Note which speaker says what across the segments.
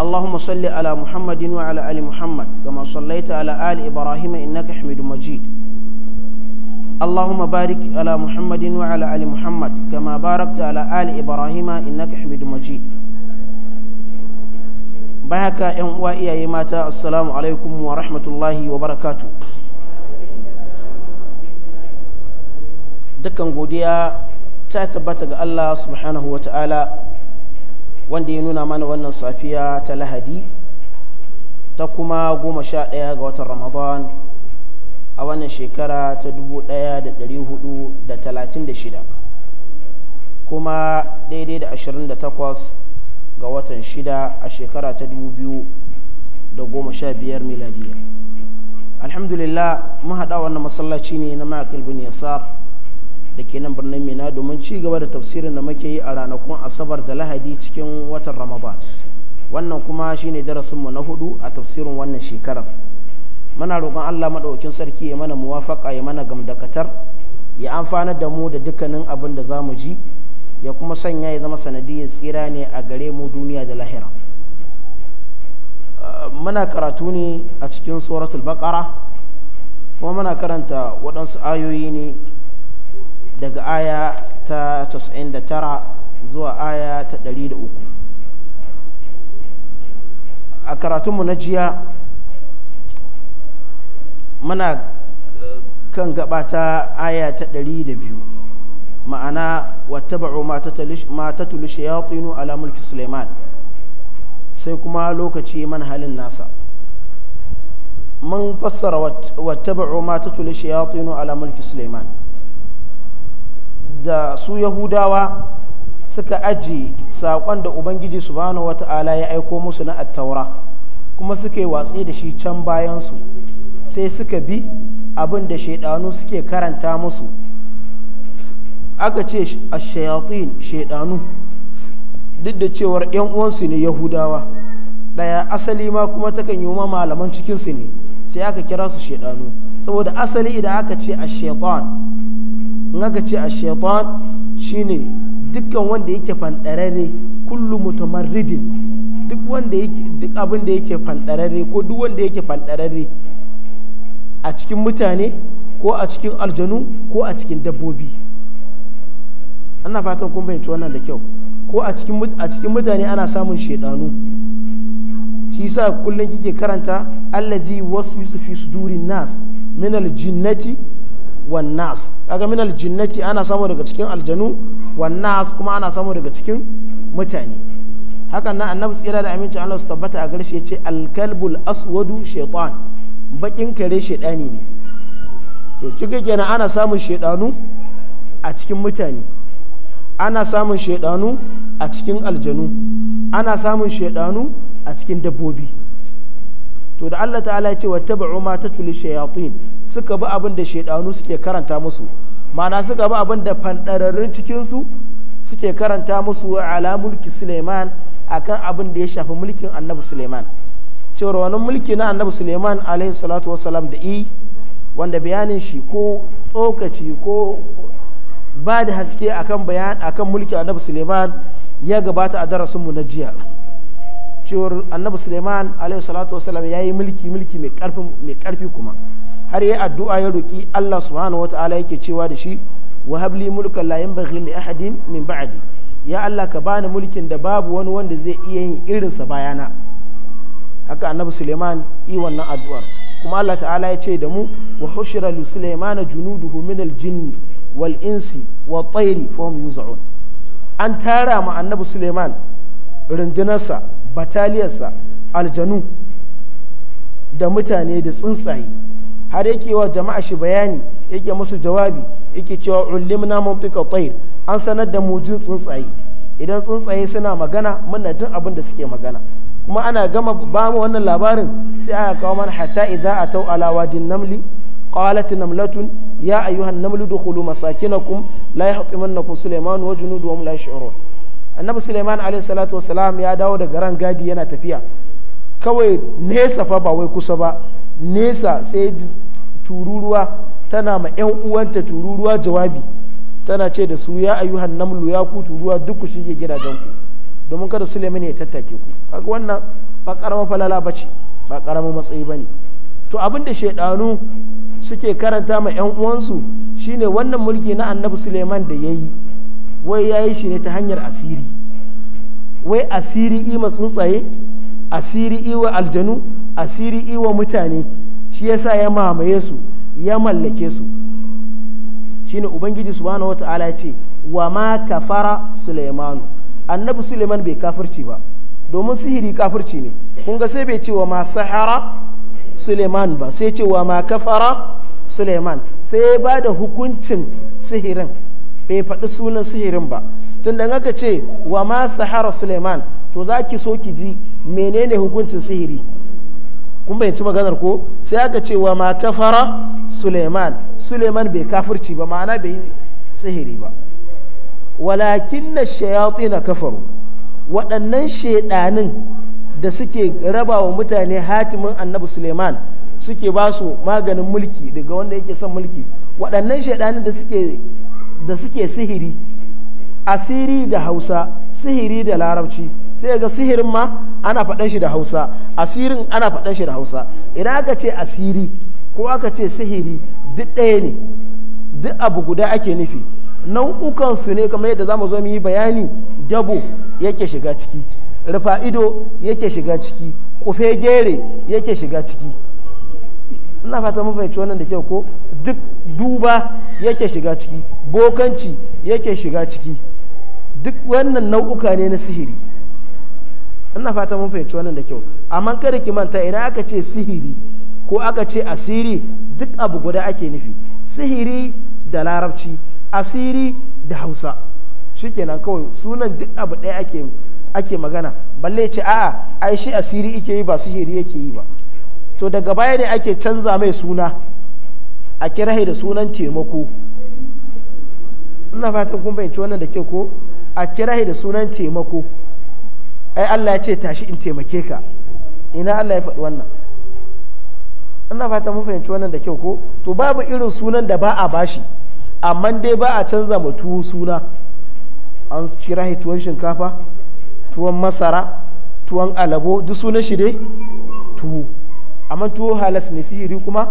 Speaker 1: اللهم صل على محمد وعلى ال محمد كما صليت على ال ابراهيم انك حميد مجيد اللهم بارك على محمد وعلى ال محمد كما باركت على ال ابراهيم انك حميد مجيد بهك إن وإيا ماتا السلام عليكم ورحمه الله وبركاته دكان غوديا ta الله سبحانه وتعالى wanda ya nuna mana wannan safiya ta lahadi ta kuma goma sha ɗaya ga watan ramadan a wannan shekara ta dubu ɗaya da ɗari hudu da talatin da shida kuma daidai da ashirin da takwas ga watan shida a shekara ta dubu biyu da goma sha biyar miladiya alhamdulillah mun haɗa wannan masallaci ne na ma'aƙil bin yasar da ke nan birnin mina domin ci gaba da tafsirin da muke yi a ranakun asabar da lahadi cikin watan ramadan wannan kuma shine darasinmu na hudu a tafsirin wannan shekarar muna roƙon allah maɗaukin sarki ya mana muwafaƙa ya mana gamdakatar ya amfana da mu da dukkanin abin da za mu ji ya kuma sanya ya zama sanadiyar tsira ne a gare mu duniya da lahira ah, muna karatu ne a cikin suratul baqara kuma muna karanta waɗansu ayoyi ne daga aya ta 99 zuwa aya ta 103 a karatunmu na jiya muna eh, kan gaba ta aya ta 102 ma'ana wattaba'u ma ta tulushe ya tunu ala mulki suleiman sai kuma lokaci man halin nasa mun fassara wattaba'u ma ta tulushe ya tunu ala mulki suleiman da su yahudawa suka aji saƙon da ubangiji su subhanahu wata'ala ya aiko musu na attaura kuma suka yi watsi da shi can bayansu sai suka bi abin da shaidanu suke karanta musu aka ce a shayatin shaidanu duk da cewar 'yan uwansu ne yahudawa ɗaya asali ma kuma takan yi ma malaman cikinsu ne sai aka kira su shaidanu saboda asali idan aka ce a shaitan in aka ce a shaitan shine dukkan wanda yake fanɗarare kullu mutamarridin duk wanda yake duk abin da yake fanɗarare ko duk wanda yake fanɗarare a cikin mutane ko a cikin aljanu ko a cikin dabbobi ana fatan kun fahimci wannan da kyau ko a cikin mutane ana samun shaidanu shi sa kullum kike karanta allazi wasu yusufi sudurin nas min aljinnati Wannas kaga min aljinnati ana samu daga cikin aljanu wannas kuma ana samu daga cikin mutane hakan na annabi tsira da aminci Allah su tabbata a garshi yace alkalbul aswadu shaytan bakin kare shaydani ne to kika kenan ana samun shaydanu a cikin mutane ana samun shaydanu a cikin aljanu ana samun shaydanu a cikin dabbobi to da Allah ta'ala ya ce wa tabu ma tatul shayatin suka bi abin da shaidanu suke karanta musu mana suka bi abin da fandararrun cikinsu suke karanta musu ala mulki suleiman akan abin da ya shafi mulkin annabi suleiman cewar wani mulki na annabi suleiman alaihi salatu wasalam da i wanda bayanin shi ko tsokaci ko ba da haske akan bayan akan mulki annabi suleiman ya gabata a darasin mu na jiya cewar annabi suleiman alaihi salatu wasalam ya yi mulki mulki mai karfi kuma har yi addu'a ya roƙi Allah subhanahu ta'ala yake cewa da shi wa habli mulkan la yanbaghi li ahadin min ba'adi ya Allah ka bani mulkin da babu wani wanda zai iya yin irinsa bayana haka annabi Suleiman yi wannan addu'ar kuma Allah ta'ala ya ce da mu wa hushira li Suleiman junuduhu min al-jinni wal insi wa tayri fa hum yuz'un an tara ma annabi Suleiman rundunarsa bataliyarsa aljanu da mutane da tsuntsaye har yake wa jama'a shi bayani yake musu jawabi yake cewa ulimna fika tayr an sanar da mu jin tsuntsaye idan tsuntsaye suna magana muna jin abin da suke magana kuma ana gama ba mu wannan labarin sai aka kawo mana hatta idza atau ala wadin namli قالت نملة يا أيها النمل ادخلوا مساكنكم لا يحطمنكم سليمان وجنوده وهم لا يشعرون annabi suleiman alaihi salatu wasalam ya dawo da garan gadi yana tafiya kawai nesa fa ba wai kusa ba nesa sai tururuwa tana ma 'yan uwanta tururuwa jawabi tana ce da su ya ayyuhan namlu ya ku tururuwa duk ku shige gidajenku domin kada suleiman ya tattake ku kaga wannan ba karamin falala ba ce ba karamin matsayi ba ne to abin da shaidanu suke karanta ma 'yan uwansu shine wannan mulki na annabi suleiman da ya yi wai ya yi shi ne ta hanyar asiri wai asiri ima tsuntsaye asiri iwa aljanu asiri iwa mutane shi yasa ya mamaye su ya mallake su shine ubangiji subhanahu wata'ala ya ce wa ma kafara sulaimanu annabi suleiman bai kafirci ba domin sihiri kafirci ne kun ga sai bai ce wa ma sahara suleiman ba sai ce wa ma kafara suleiman sai ya ba da hukuncin sihirin bai faɗi sunan sihirin ba tun da aka ce wa ma sahara suleiman to za ki so ki ji menene hukuncin sihiri kun bayanci maganar ko sai aka ce wa ma kafara suleiman suleiman bai kafirci ba ma'ana bai sihiri ba walakin na shayatu na kafaru waɗannan shaidanin da suke raba wa mutane hatimin annabi suleiman suke ba su maganin mulki daga wanda yake son mulki waɗannan shaidanin da suke da suke sihiri asiri da hausa sihiri da larabci sai ga sihirin ma ana faɗan shi da hausa asirin ana faɗan shi da hausa idan aka ce asiri ko aka ce sihiri duk ɗaya ne duk abu guda ake nufi nau'ukansu ne kamar yadda za mu zo mu yi bayani dabo yake shiga ciki rufa ido yake shiga ciki kufe gere yake shiga ciki ina fata mun fahimci wannan da kyau ko duk duba yake shiga ciki bokanci yake shiga ciki duk wannan nau'uka ne na sihiri ina fata mun fahimci wannan da kyau amma kada ki manta idan aka ce sihiri ko aka ce asiri duk abu guda ake nufi sihiri da larabci asiri da hausa shikenan kawai sunan duk abu ɗaya ake magana balle ce a'a ai shi asiri yake yi ba sihiri yake yi ba to daga baya ne ake canza mai suna a kirahe da sunan taimako ina fatan kun fahimci wannan da kyau ko a kirahe da sunan taimako ai Allah ya ce tashi in taimake ka ina Allah ya faɗi wannan ina fata mun fahimci wannan da kyau ko to babu irin sunan da ba a bashi amma dai ba a canza mu suna an kira shi tuwon shinkafa tuwon masara tuwon alabo duk sunan shi dai tuwo amma tuwo halas ne sihiri kuma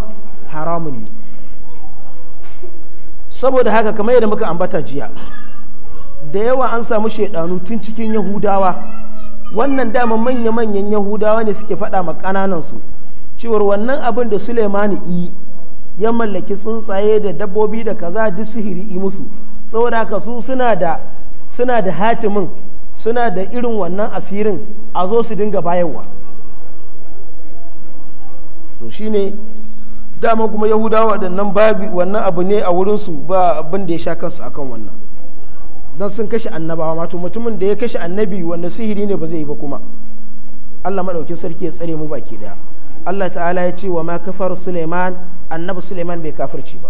Speaker 1: haramun ne saboda haka kamar yadda muka ambata jiya da yawa an samu shaidanu tun cikin yahudawa wannan dama manya-manyan yahudawa ne suke faɗa ma ƙananansu cewar wannan abin da sulemani yi ya mallaki tsuntsaye da dabbobi da kaza duk sihiri yi musu saboda haka su suna da suna da hatimin suna da irin wannan asirin a zo su dinga bayarwa to shine dama kuma yahudawa nan babi wannan abu ne a wurinsu ba abin da ya sha kansu akan wannan don sun kashe annabawa mato mutumin da ya kashe annabi wanda sihiri ne ba zai yi ba kuma Allah maɗaukin sarki ya tsare mu baki daya Allah ta'ala ya ce wa ma kafar Suleiman annabi Suleiman bai kafirci ba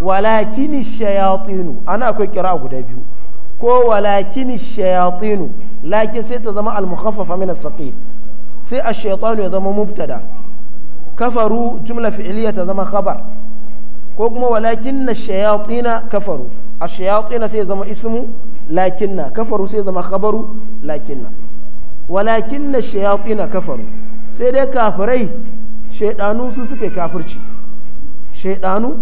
Speaker 1: walakini shayatinu ana akwai kira guda biyu ko walakini shayatinu lakin sai ta zama al-mukhaffafa min as-saqil sai ash-shaytanu ya zama mubtada kafaru jumla fi'liya ta zama khabar ko kuma walakin shayatina kafaru ashayatina sai zama ismu lakinna kafaru sai zama khabaru lakinna walakinna shayatina kafaru sai dai kafirai shaidanu su suke kafirci shaidanu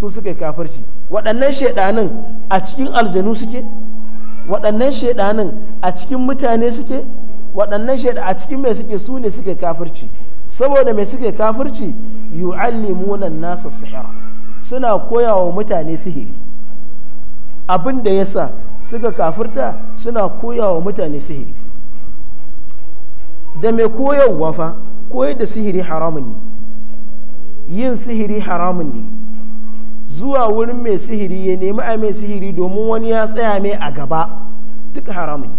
Speaker 1: su suke kafirci waɗannan shaidanun a cikin aljanu suke waɗannan shaidanun a cikin mutane suke waɗannan shaidan a cikin mai suke su ne suke kafirci saboda mai suke kafirci yu'allimuna nasa sihira suna koyawa mutane sihiri abin da ya sa suka kafirta suna koyawa mutane sihiri da mai koyarwa fa koyar da sihiri haramun ne yin sihiri haramun ne zuwa wurin mai sihiri ya nemi a mai sihiri domin wani ya tsaya mai a gaba duka haramun ne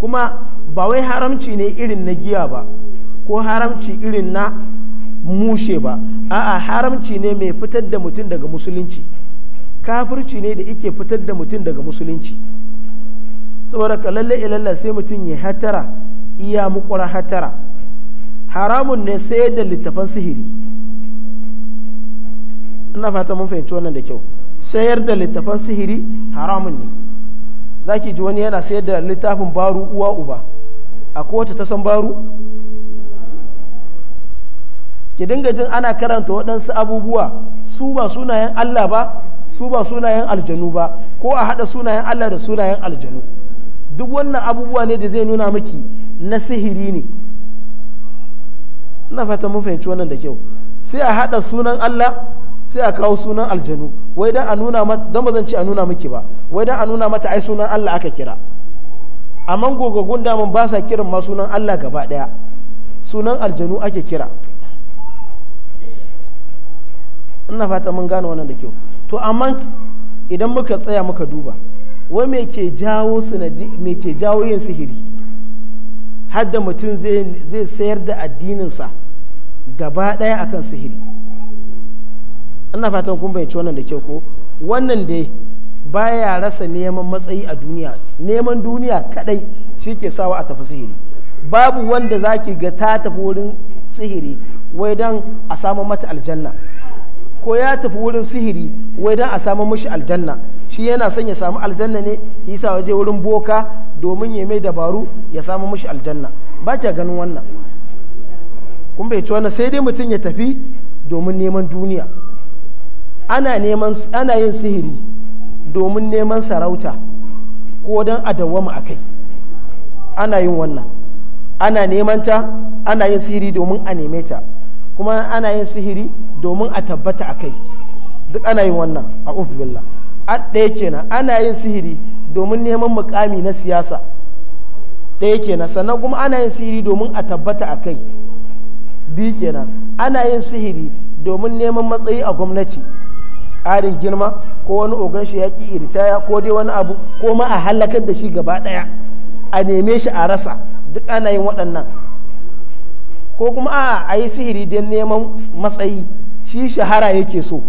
Speaker 1: kuma ba wai haramci ne irin na giya ba ko haramci irin na mushe ba a'a haramci ne mai fitar da mutum daga musulunci kafirci ne da ike fitar da mutum daga musulunci saboda ka lalle ilalla sai mutum ya hatara iya mukwara hatara haramun ne sai da littafan sihiri ina fata mun fahimci wannan da kyau sayar da littafan sihiri haramun ne za ki ji wani yana sayar da littafin baru uwa uba a kowace ta san baru ki dinga jin ana karanta waɗansu abubuwa su ba sunayen allah ba su ba sunayen aljanu ba ko a haɗa sunayen Allah da sunayen aljanu duk wannan abubuwa ne da zai nuna miki na sihiri ne na fata mun fahimci wannan da kyau sai a haɗa sunan Allah sai a kawo sunan aljanu wai dan a nuna mata dan ba zan ce a nuna miki ba wai dan a nuna mata ai sunan Allah aka kira amma gogogun daman ba sa kiran ma sunan Allah gaba ɗaya sunan aljanu ake kira ina fata mun gane wannan da kyau to amma idan muka tsaya muka duba wai me ke jawo me ke jawo yin sihiri har da mutum zai sayar da addininsa gaba ɗaya akan sihiri ina fatan kun bayyace wannan da kyau ko wannan dai baya rasa neman matsayi a duniya neman duniya kadai shi ke sawa a tafi sihiri babu wanda zaki ga ta tafi wurin sihiri wai don a samu mata aljanna ko ya tafi wurin sihiri wai don a samu mashi aljanna shi yana son ya samu aljanna ne yasa waje wurin boka domin ya mai dabaru ya samu mashi aljanna ba ta ganin wannan kun bai wannan sai dai mutum ya tafi domin neman duniya ana yin sihiri domin neman sarauta ko don a dawwama a kai ana yin wannan ana neman ta ana yin sihiri domin a neme ta kuma ana yin sihiri domin a tabbata a kai duk ana yin wannan a uzbillah ɗaya kenan ana yin sihiri domin neman mukami na siyasa ɗaya kenan sannan kuma ana yin sihiri domin a tabbata a kai biyu kenan ana yin sihiri domin neman matsayi a gwamnati ƙarin girma ko wani ogan shi ya ƙi iritaya ko dai wani abu ko ma a halakar da shi gaba ɗaya a neme shi a rasa duk ana yin waɗannan ko kuma a yi sihiri don neman matsayi shi shahara yake so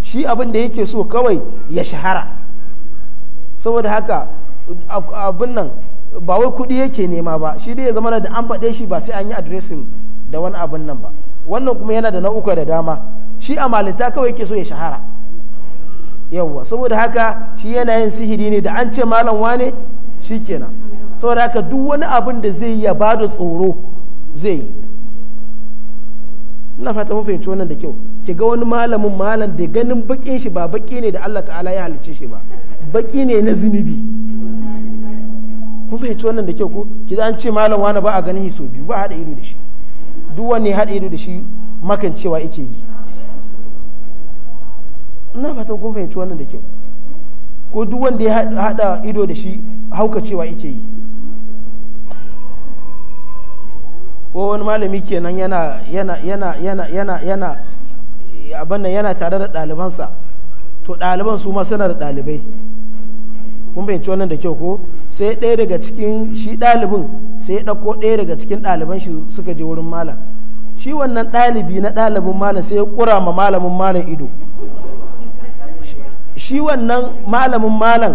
Speaker 1: shi abin da yake so kawai ya shahara saboda haka abin nan ba wai kuɗi yake nema ba shi dai ya zama da an faɗe shi ba sai an yi adiresin da wani abin nan ba wannan kuma yana da nau'uka da dama shi a malita kawai yake so ya shahara yawwa saboda haka shi yana yin sihiri ne da an ce malam wane kenan saboda haka duk wani abin da zai yi ya bada tsoro zai yi ina fata mun fahimci wannan da kyau ki ga wani malamin malam da ganin bakin shi ba baki ne da Allah ta'ala ya halicce shi ba baki ne na zunubi kun fahimci wannan da kyau ko ki an ce malam wani ba a ganin shi so biyu ba haɗa ido da shi duk wanne haɗa ido da shi cewa yake yi ina fata kun fahimci wannan da kyau ko duk wanda ya haɗa ido da shi haukacewa yake yi ko wani malami kenan yana yana yana yana yana yana abin nan yana tare da ɗalibansa to ɗaliban su ma suna da ɗalibai kun fahimci wannan da kyau ko sai ɗaya daga cikin shi ɗalibin sai ya ɗaya daga cikin ɗaliban shi suka je wurin malam shi wannan ɗalibi na ɗalibin malam sai ya ƙura ma malamin malam ido shi wannan malamin malam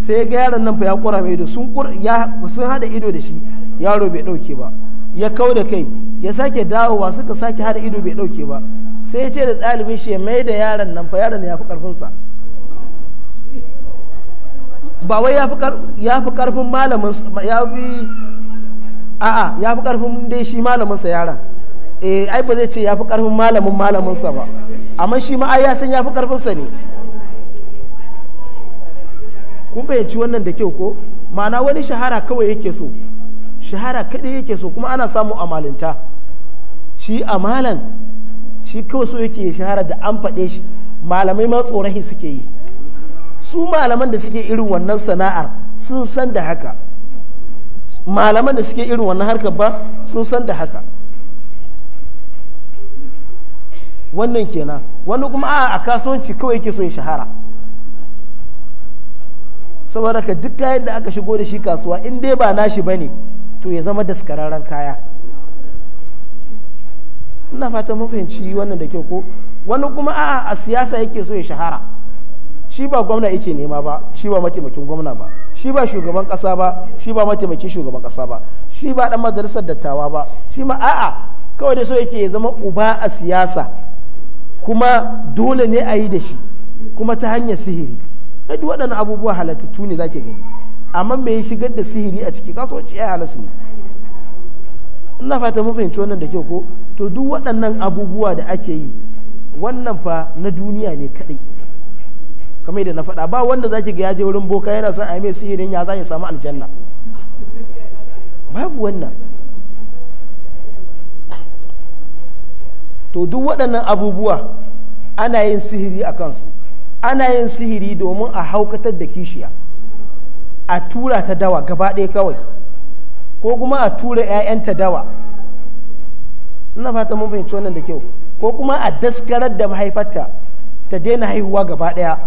Speaker 1: sai ga yaron nan fa ya ƙura ma ido sun haɗa ido da shi yaro bai ɗauke ba ya kau da kai ya sake dawowa suka sake hada ido bai dauke ba sai ya ce da ɗalibin shi ya mai da yaron nan fa yaron ya fi karfinsa ba wai ya fi karfin malamin ya fi a'a ya fi karfin dai shi malamin sa yaron eh ai ba zai ce ya fi karfin malamin malamin sa ba amma shi ma ai ya san ya fi karfin sa ne kun fahimci wannan da kyau ko ma'ana wani shahara kawai yake so shahara kaɗai yake so kuma ana samu amalinta shi amalan shi kawai so yake shahara da an faɗe shi malamai ma tsorahi suke yi su malaman da suke irin wannan sana'ar sun san da haka malaman da suke irin wannan harkar ba sun san da haka wannan kenan wani kuma a a kasuwanci kawai yake so ya shahara saboda ka duk kayan da aka shigo da shi kasuwa in dai ba nashi ba ne to ya zama daskararren kaya ina fatan mun fahimci wannan da kyau ko wani kuma a a siyasa yake so ya shahara shi ba gwamna yake nema ba shi ba mataimakin gwamna ba shi ba shugaban kasa ba shi ba mataimakin shugaban kasa ba shi ba dan majalisar dattawa ba shi ma a'a kawai da so yake ya zama uba a siyasa kuma dole ne a yi da shi kuma ta hanyar sihiri duk waɗannan abubuwa halattattu ne zake gani amma mai shigar da sihiri a ciki kasuwanci ya halasu ne ina fata mun fahimci wannan da kyau ko to duk waɗannan abubuwa da ake yi wannan fa na duniya ne kaɗai kamar yadda na faɗa ba wanda zaki ga yaje wurin boka yana son a yi mai sihirin ya za ya samu aljanna babu wannan to duk waɗannan abubuwa ana yin sihiri a kansu ana yin sihiri domin a haukatar da kishiya a tura ta dawa gaba ɗaya kawai ko kuma a tura 'ya'yanta dawa ina fata mun fahimci wannan da kyau ko kuma a daskarar da mahaifarta ta daina haihuwa gaba ɗaya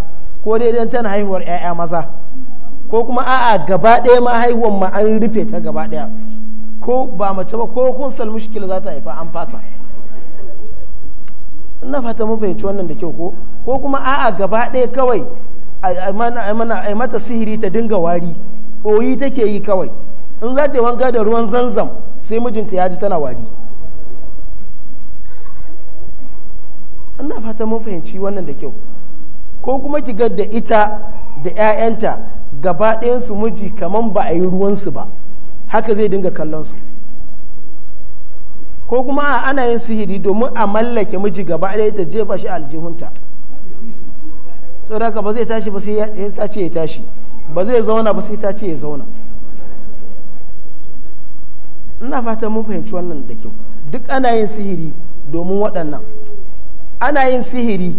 Speaker 1: ko dai idan tana haihuwar 'ya'ya maza ko kuma a'a gaba ɗaya ma haihuwar ma an rufe ta gaba ɗaya ko ba mace ba ko kun mushkil za ta haifa an fasa ina fata mun fahimci wannan da kyau ko ko kuma a'a gaba ɗaya kawai a mata sihiri ta dinga wari ɓoyi take yi kawai in za ta yi wanka da ruwan zanzam sai mijinta ya ji tana wari ina fata mun fahimci wannan da kyau ko kuma ki ga da ita da 'ya'yanta gaba su miji kamar ba a yi ruwansu ba haka zai dinga kallon su ko kuma ana yin sihiri domin a mallake miji gaba ɗaya ta jefa shi aljihunta sau da ba zai tashi ba sai ya tace ya tashi ba zai zauna ba sai ta ce ya zauna ina fatan mun fahimci wannan da kyau duk ana yin sihiri domin waɗannan ana yin sihiri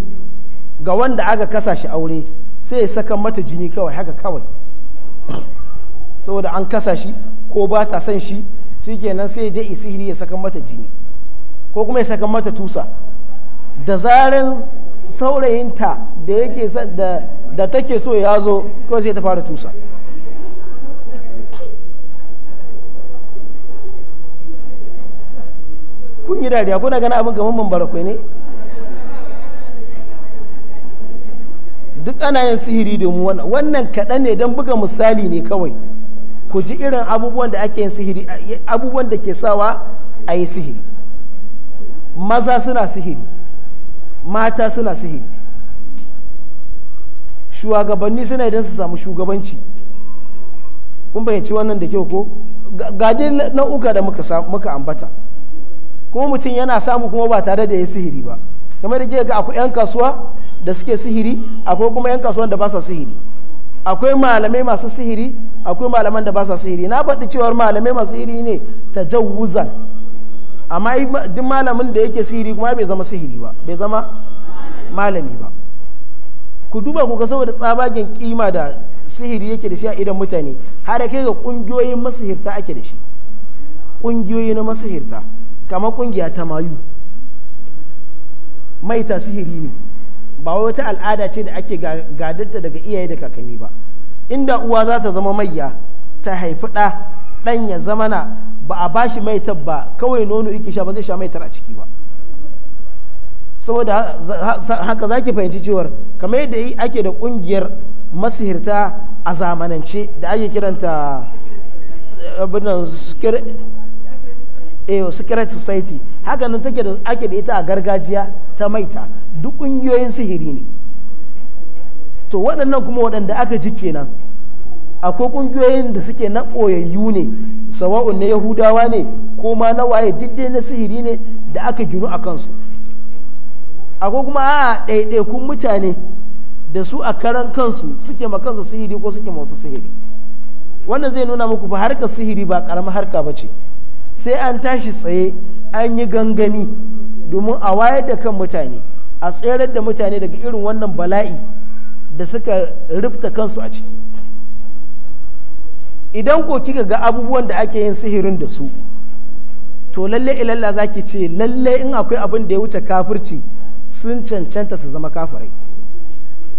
Speaker 1: ga wanda aka kasa shi aure sai ya saka mata jini kawai haka kawai saboda an kasa shi ko ba ta son shi shikenan sai ya je sihiri ya saka mata jini ko kuma ya saka mata tusa da zaren saurayinta da yake da take so ya zo kawai zai ta fara tusa kun yi dariya kuna gana abin kamar mambara kwai ne duk ana yin sihiri domin wannan wannan kaɗan ne don buga misali ne kawai ku ji irin abubuwan da ake yin sihiri abubuwan da ke sawa a yi sihiri maza suna sihiri mata suna sihiri shugabanni suna idan su samu shugabanci kun fahimci wannan da kyau ko gaji na uka da muka ambata kuma mutum yana samu kuma ba tare da ya sihiri ba kamar da ga akwai 'yan kasuwa da suke sihiri akwai kuma 'yan kasuwan da ba sa sihiri akwai malamai masu sihiri akwai malaman da ba sa sihiri na faɗi cewar malamai masu sihiri ne ta jawuzan amma duk malamin da yake sihiri kuma bai zama sihiri ba bai zama malami ba ku duba ku ga saboda tsabagen kima da sihiri yake da shi a idan mutane har kai ga kungiyoyin masihirta ake da shi kungiyoyi na masihirta kamar kungiya ta mayu maita sihiri ne ba wata al'ada ce da ake gadanta daga iyaye da kakanni ba inda uwa za ta zama mayya ta haifi ɗa ɗan ya zama na ba a bashi maitar ba kawai nono yake sha ba zai sha maitar a ciki ba saboda haka za ki fahimci cewar kamar yadda ake da kungiyar masihirta a zamanance da ake kiranta eh, abinan eh, secret society haka nan take da ake da ita a gargajiya ta maita duk kungiyoyin sihiri ne to waɗannan kuma waɗanda aka ji kenan akwai kungiyoyin da suke na ɓoyayyu ne sawa'un na yahudawa ne ko ma na waye duk na sihiri ne da aka ginu a kansu akwai kuma a ɗaiɗaikun mutane da su a karan kansu suke ma kansu sihiri ko suke ma wasu sihiri wannan zai nuna muku ba harka sihiri ba ƙaramin harka ba ce sai an tashi tsaye an yi gangani domin a wayar da kan mutane a tserar da mutane daga irin wannan bala'i da suka rufta kansu a ciki idan ko kika ga abubuwan da ake yin sihirin da su to lalle ilalla za ki ce lalle in akwai abin da ya wuce kafirci sun cancanta su zama kafirai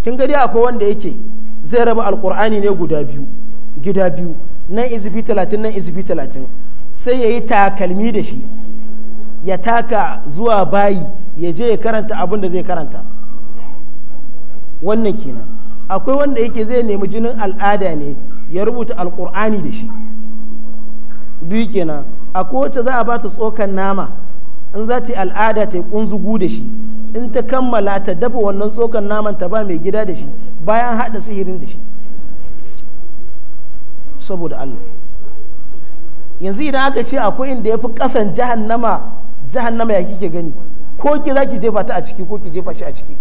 Speaker 1: kin ga dai akwai wanda yake zai raba alkur'ani ne guda biyu gida biyu nan talatin nan izifi talatin sai ya yi takalmi da shi ya taka zuwa bayi ya je ya karanta abin da zai karanta wannan kenan akwai wanda yake zai nemi jinin al'ada ne ya rubuta alkur'ani da shi biyu kenan a kowace za a ba ta tsokan nama in za ta yi al'ada ta yi kunzugu da shi in ta kammala ta dafa wannan tsokan naman ta ba mai gida da shi bayan haɗa sihirin da shi saboda allah yanzu idan aka ce akwai inda ya fi ƙasan jahannama jahannama ya kike gani ko ki za ki jefa ta a ciki ko ki jefa shi a ciki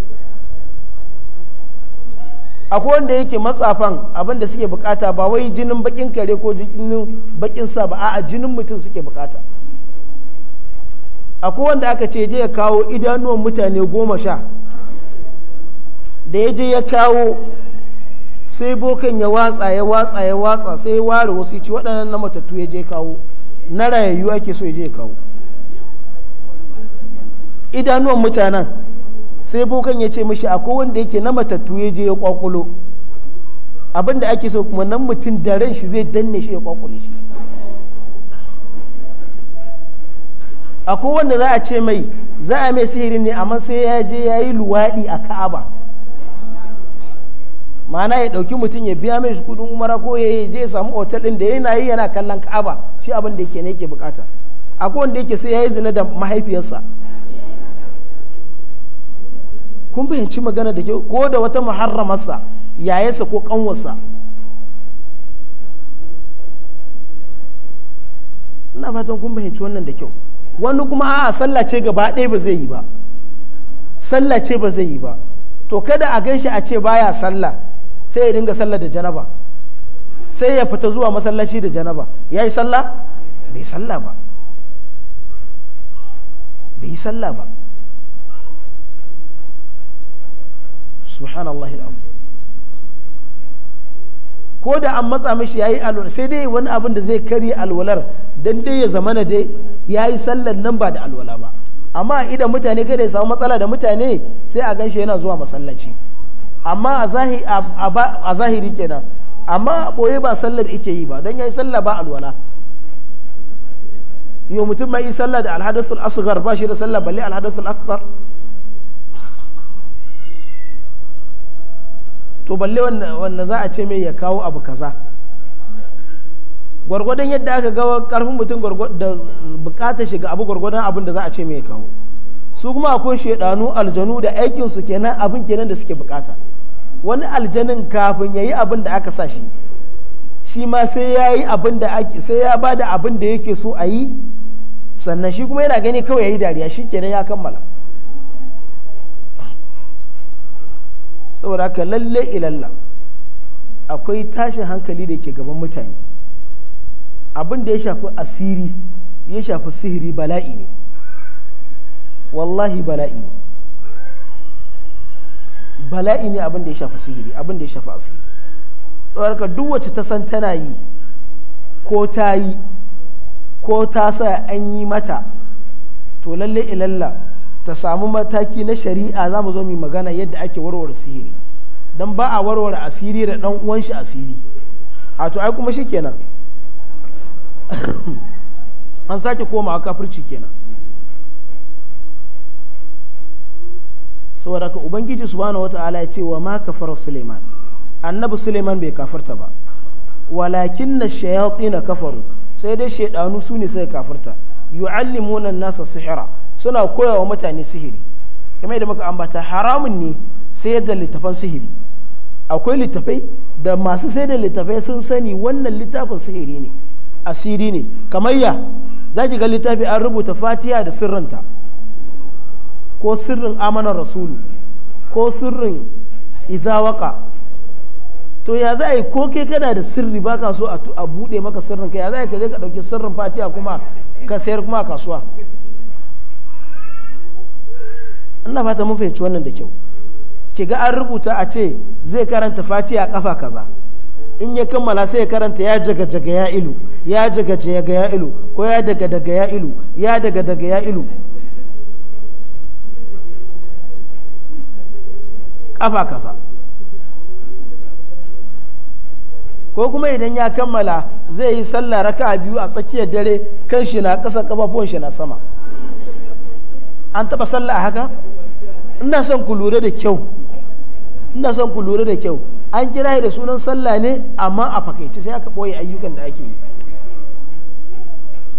Speaker 1: akwai wanda yake matsafan abin da suke bukata ba wai jinin bakin kare ko jinin bakin sa ba a jinin mutum suke bukata akwai wanda aka ce je ya kawo idanuwan mutane goma sha da ya je ya kawo sai bokan ya watsa ya watsa ya watsa sai ya ware wasu ci waɗannan na matattu ya je kawo na rayayyu ake so ya je kawo idanuwan mutanen sai bukan ya ce mishi akwai wanda yake na matattu ya je ya kwakulo abin da ake so kuma nan mutum da ran shi zai danne shi ya kwakule shi akwai wanda za a ce mai za a mai sihiri ne amma sai ya je ya yi luwaɗi a ka'aba ma'ana ya ɗauki mutum ya biya mai kudin umara ko ya je ya samu otal ɗin da yana yi yana kallon ka'aba shi abin da yake ne yake bukata akwai wanda yake sai ya yi zina da mahaifiyarsa kun fahimci magana da kyau ko da wata muharramarsa yayesa ko kanwarsa ina fatan kun fahimci wannan da kyau wani kuma a sallah ce gaba ɗaya ba zai yi ba sallah ce ba zai yi ba to kada a gan shi a ce baya sallah sai ya dinga sallah da janaba sai ya fita zuwa masallaci da janaba ya yi sallah bai sallah ba bai yi sallah ba subhanallahi alazim ko da an matsa mishi yayi alwala sai dai wani abin da zai kari alwalar dan dai ya zamana dai yayi sallar nan ba da alwala ba amma idan mutane kada ya samu matsala da mutane sai a ganshi yana zuwa masallaci amma a zahiri kenan amma a ɓoye ba sallar ike yi ba don ya yi sallah ba alwala yau mutum mai yi sallah da alhadathul asghar ba shi da sallah balle alhadathul akbar to balle wanda za a ce mai ya kawo abu kaza gwargwadon yadda aka ga karfin mutum da bukata shiga abu gwargwadon abin da za a ce mai ya kawo su kuma akwai shaidanu aljanu da aikinsu kenan abin kenan da suke bukata wani aljanin kafin ya yi abin da aka sa shi shi ma sai ya yi abin da ake sai ya ba da abin da yake so a yi sannan shi kuma yana gani kawai ya yi dariya shi kenan ya kammala saboda ka lalle ilalla akwai tashin hankali da ke gaban mutane abin da ya shafi asiri ya shafi sihiri bala'i ne wallahi bala'i ne bala'i ne abin da ya shafi sihiri abin da ya shafi asiri ka duk wacce ta san tana yi ko ta yi ko ta sa an yi mata to lalle ilalla ta samu mataki na shari'a za mu zo mu magana yadda ake warware sihiri don ba a warware asiri da dan uwan shi asiri a to ai kuma shikenan an sake koma kafirci kenan saboda ka ubangiji subhanahu wata'ala ya ce wa ma kafara suleiman annabi suleiman bai kafarta ba walakin na shayatina kafaru sai dai shaidanu su ne sai kafirta yu'allimuna nasa sihira suna koya wa mutane sihiri kamar yadda muka ambata haramun ne sayar da littafan sihiri akwai littafai da masu sayar da littafai sun sani wannan littafin sihiri ne asiri ne kamar ya za ki ga littafi an rubuta fatiya da sirrinta ko sirrin amanar rasulu ko sirrin izawaka to ya za a yi ko kai kana da sirri ba ka so a bude maka sirrin ka ya za a yi ka je ka ɗauki sirrin fatiya kuma ka sayar kuma a kasuwa ina fata mun fahimci wannan da kyau ki ga an rubuta a ce zai karanta fatiha kafa kaza in ya kammala sai ya karanta ya jaga jaga ya ilu ya jaga jaga ya ilu ko ya daga daga ya ilu ya daga daga ya ilu kafa kaza ko kuma idan ya kammala zai yi sallah raka biyu a tsakiyar dare kan shi na ƙasa kafafuwan shi na sama an taba sallah a haka ina son ku lura da kyau ina son ku lura da kyau an kira da sunan sallah ne amma a fakaice sai aka ɓoye ayyukan da ake yi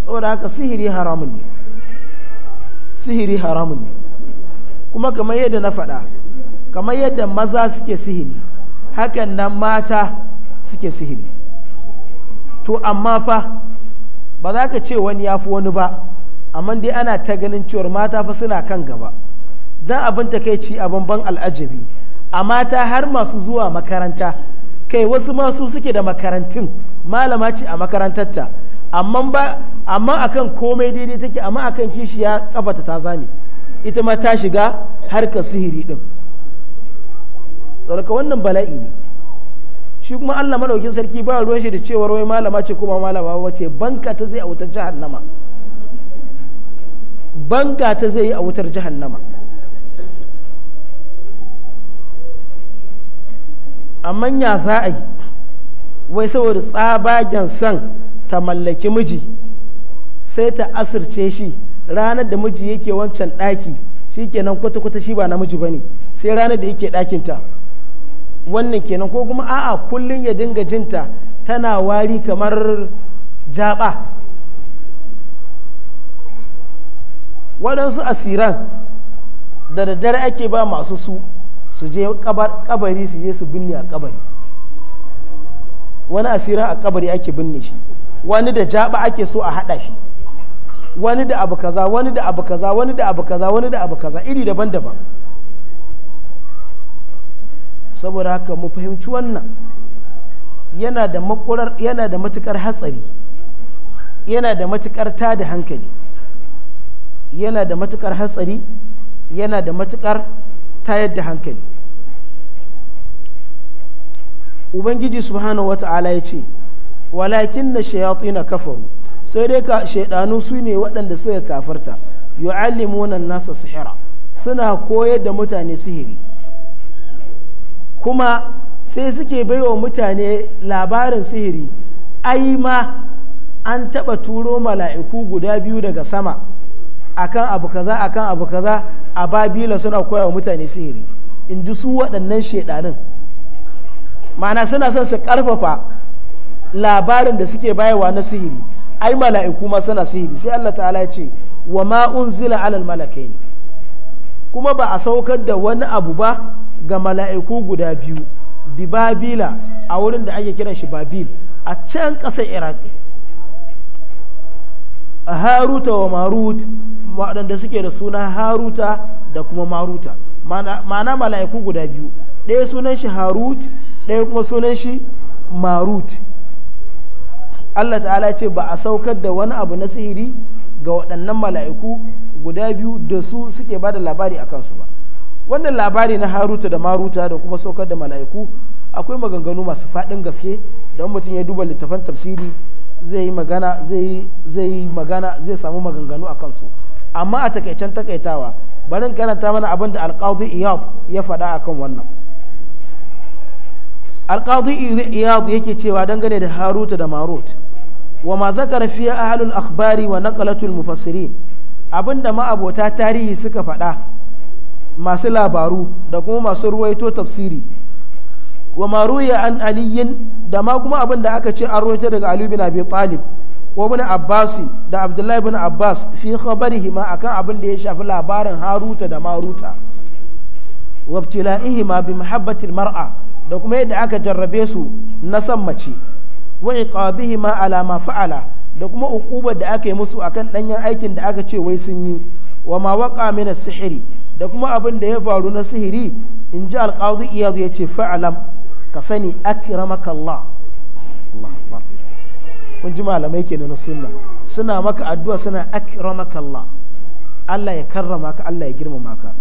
Speaker 1: saboda haka sihiri haramun ne sihiri haramun ne kuma kamar yadda na faɗa kamar yadda maza suke sihiri hakan nan mata suke sihiri to amma fa ba za ka ce wani ya fi wani ba amma dai ana ta ganin cewar mata fa suna kan gaba don abin ta takaici a banban al'ajabi a mata har masu zuwa makaranta kai wasu masu suke da makarantun malama ce a makarantarta amma ba amma akan komai daidai take amma akan ya kafata ta zame ita ma ta shiga harkar sihiri din saboda wannan bala'i ne shi kuma Allah madaukin sarki ba ruwan shi da cewar wai malama ce kuma malama wace banka ta zai a wutar jahannama nama banga ta zai yi a wutar jahannama amma ya za a yi wai saboda tsabagen son ta mallaki miji sai ta asirce shi ranar da miji yake wancan ɗaki shi kenan kwata-kwata shi ba namiji ba ne sai ranar da yake ɗakinta wannan kenan ko kuma a'a kullum ya dinga jinta tana wari kamar jaba waɗansu asiran da daddare ake ba masu su su je kabari su je su binne a kabari wani asiran a kabari ake binne shi wani da jaba ake so a haɗa shi wani da abu kaza wani da abu kaza wani da abu kaza wani da abu kaza iri daban-daban saboda haka mu fahimci wannan yana da yana da matukar hatsari yana da matukar tada hankali yana da matukar hatsari yana da matukar tayar da hankali ubangiji subhanahu ta'ala ya ce walakin na na kafaru sai dai ka shaidanu su ne waɗanda suka kafarta yu'allimuna nasa sihira suna koyar da mutane sihiri kuma sai suke baiwa mutane labarin sihiri ai ma an taɓa turo mala'iku guda biyu daga sama akan abu kaza akan abu kaza a babila suna koya wa mutane sihiri in ji su waɗannan shaidanin ma'ana suna son su ƙarfafa labarin da suke bayarwa na sihiri ai mala'iku ma suna sihiri sai Allah ta'ala ya ce wa ma unzila alal malakaini kuma ba a saukar da wani abu ba ga mala'iku guda biyu bi babila a wurin da ake kiran shi babil a can ƙasar iraki haruta wa marut waɗanda suke da suna haruta da kuma maruta ma'ana mala'iku guda biyu ɗaya sunan shi harut ɗaya kuma sunan shi marut allah ta'ala ce ba a saukar da wani abu na sihiri ga waɗannan mala'iku guda biyu da su suke ba da labari a kansu ba wannan labari na haruta da maruta da kuma saukar da mala'iku akwai maganganu masu faɗin gaske da mutum ya duba littafan tafsiri zai yi magana zai yi magana zai samu maganganu a kansu amma a takaicen takaitawa barin karanta mana abin da alƙadu iyad ya faɗa akan wannan alƙadu iyad yake cewa dangane da haruta da marut wa ma zakara fi ahlul akhbari wa naqalatul mufassiri abin da ma'abota tarihi suka faɗa masu labaru da kuma masu ruwaito tafsiri wa maruya an aliyin da ma kuma abin da aka ce an ruwaito daga ali bin wani abbasi da abdullahi bin abbas fi khabarihima akan abin da ya shafi labarin haruta da maruta wabtila'ihima bi mahabbatil mar'a da kuma yadda aka jarrabe su na san mace wa iqabihima ala ma fa'ala da kuma ukubar da aka yi musu akan danyen aikin da aka ce wai sun yi wa ma waƙa min sihiri da kuma abin da ya faru na sihiri in ji alqadi iyad ya ce fa'alam ka sani akramakallah kun ji malamai kenan na sunna suna maka addu'a suna akramaka Allah Allah ya karrama ka Allah ya girmama ka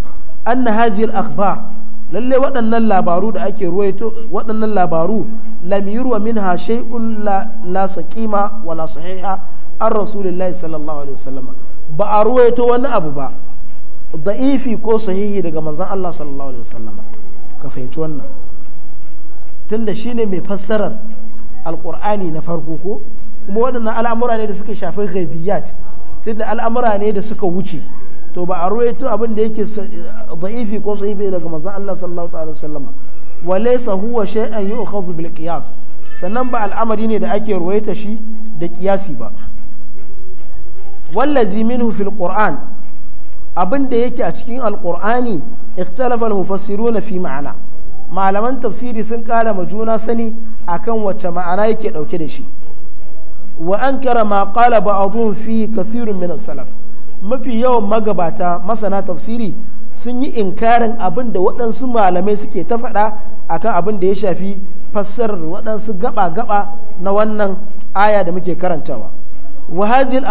Speaker 1: anna hadhihi al-akhbar lalle waɗannan labaru da ake ruwaito waɗannan labaru lam yurwa minha shay'un la la saqima wala sahiha an rasulillahi sallallahu alaihi wasallam ba a ruwaito wani abu ba da'ifi ko sahihi daga manzon Allah sallallahu alaihi wasallam ka fahimci wannan tunda shine mai fassarar alqur'ani na farko ko kuma waɗannan al'amura ne da suka shafi ghaibiyat tunda al'amura ne da suka wuce to ba a ruwaito abin da yake da'ifi ko sahibi daga manzon Allah sallallahu alaihi wasallam wa laysa huwa shay'an yu'khadhu bil qiyas sannan ba al'amari ne da ake ruwaita shi da qiyasi ba wallazi minhu fil qur'an abin da yake a cikin alkur'ani ikhtalafa al-mufassiruna fi ma'ana malaman tafsiri sun kala ma juna sani akan wacce ma'ana yake dauke da shi wa ankara ma qala abun fi kathirun min salaf mafi yawan magabata masana tafsiri sun yi inkarin abin da waɗansu malamai suke ta faɗa akan abin da ya shafi fassarar waɗansu gaba-gaba na wannan aya da muke karantawa wa hadhihi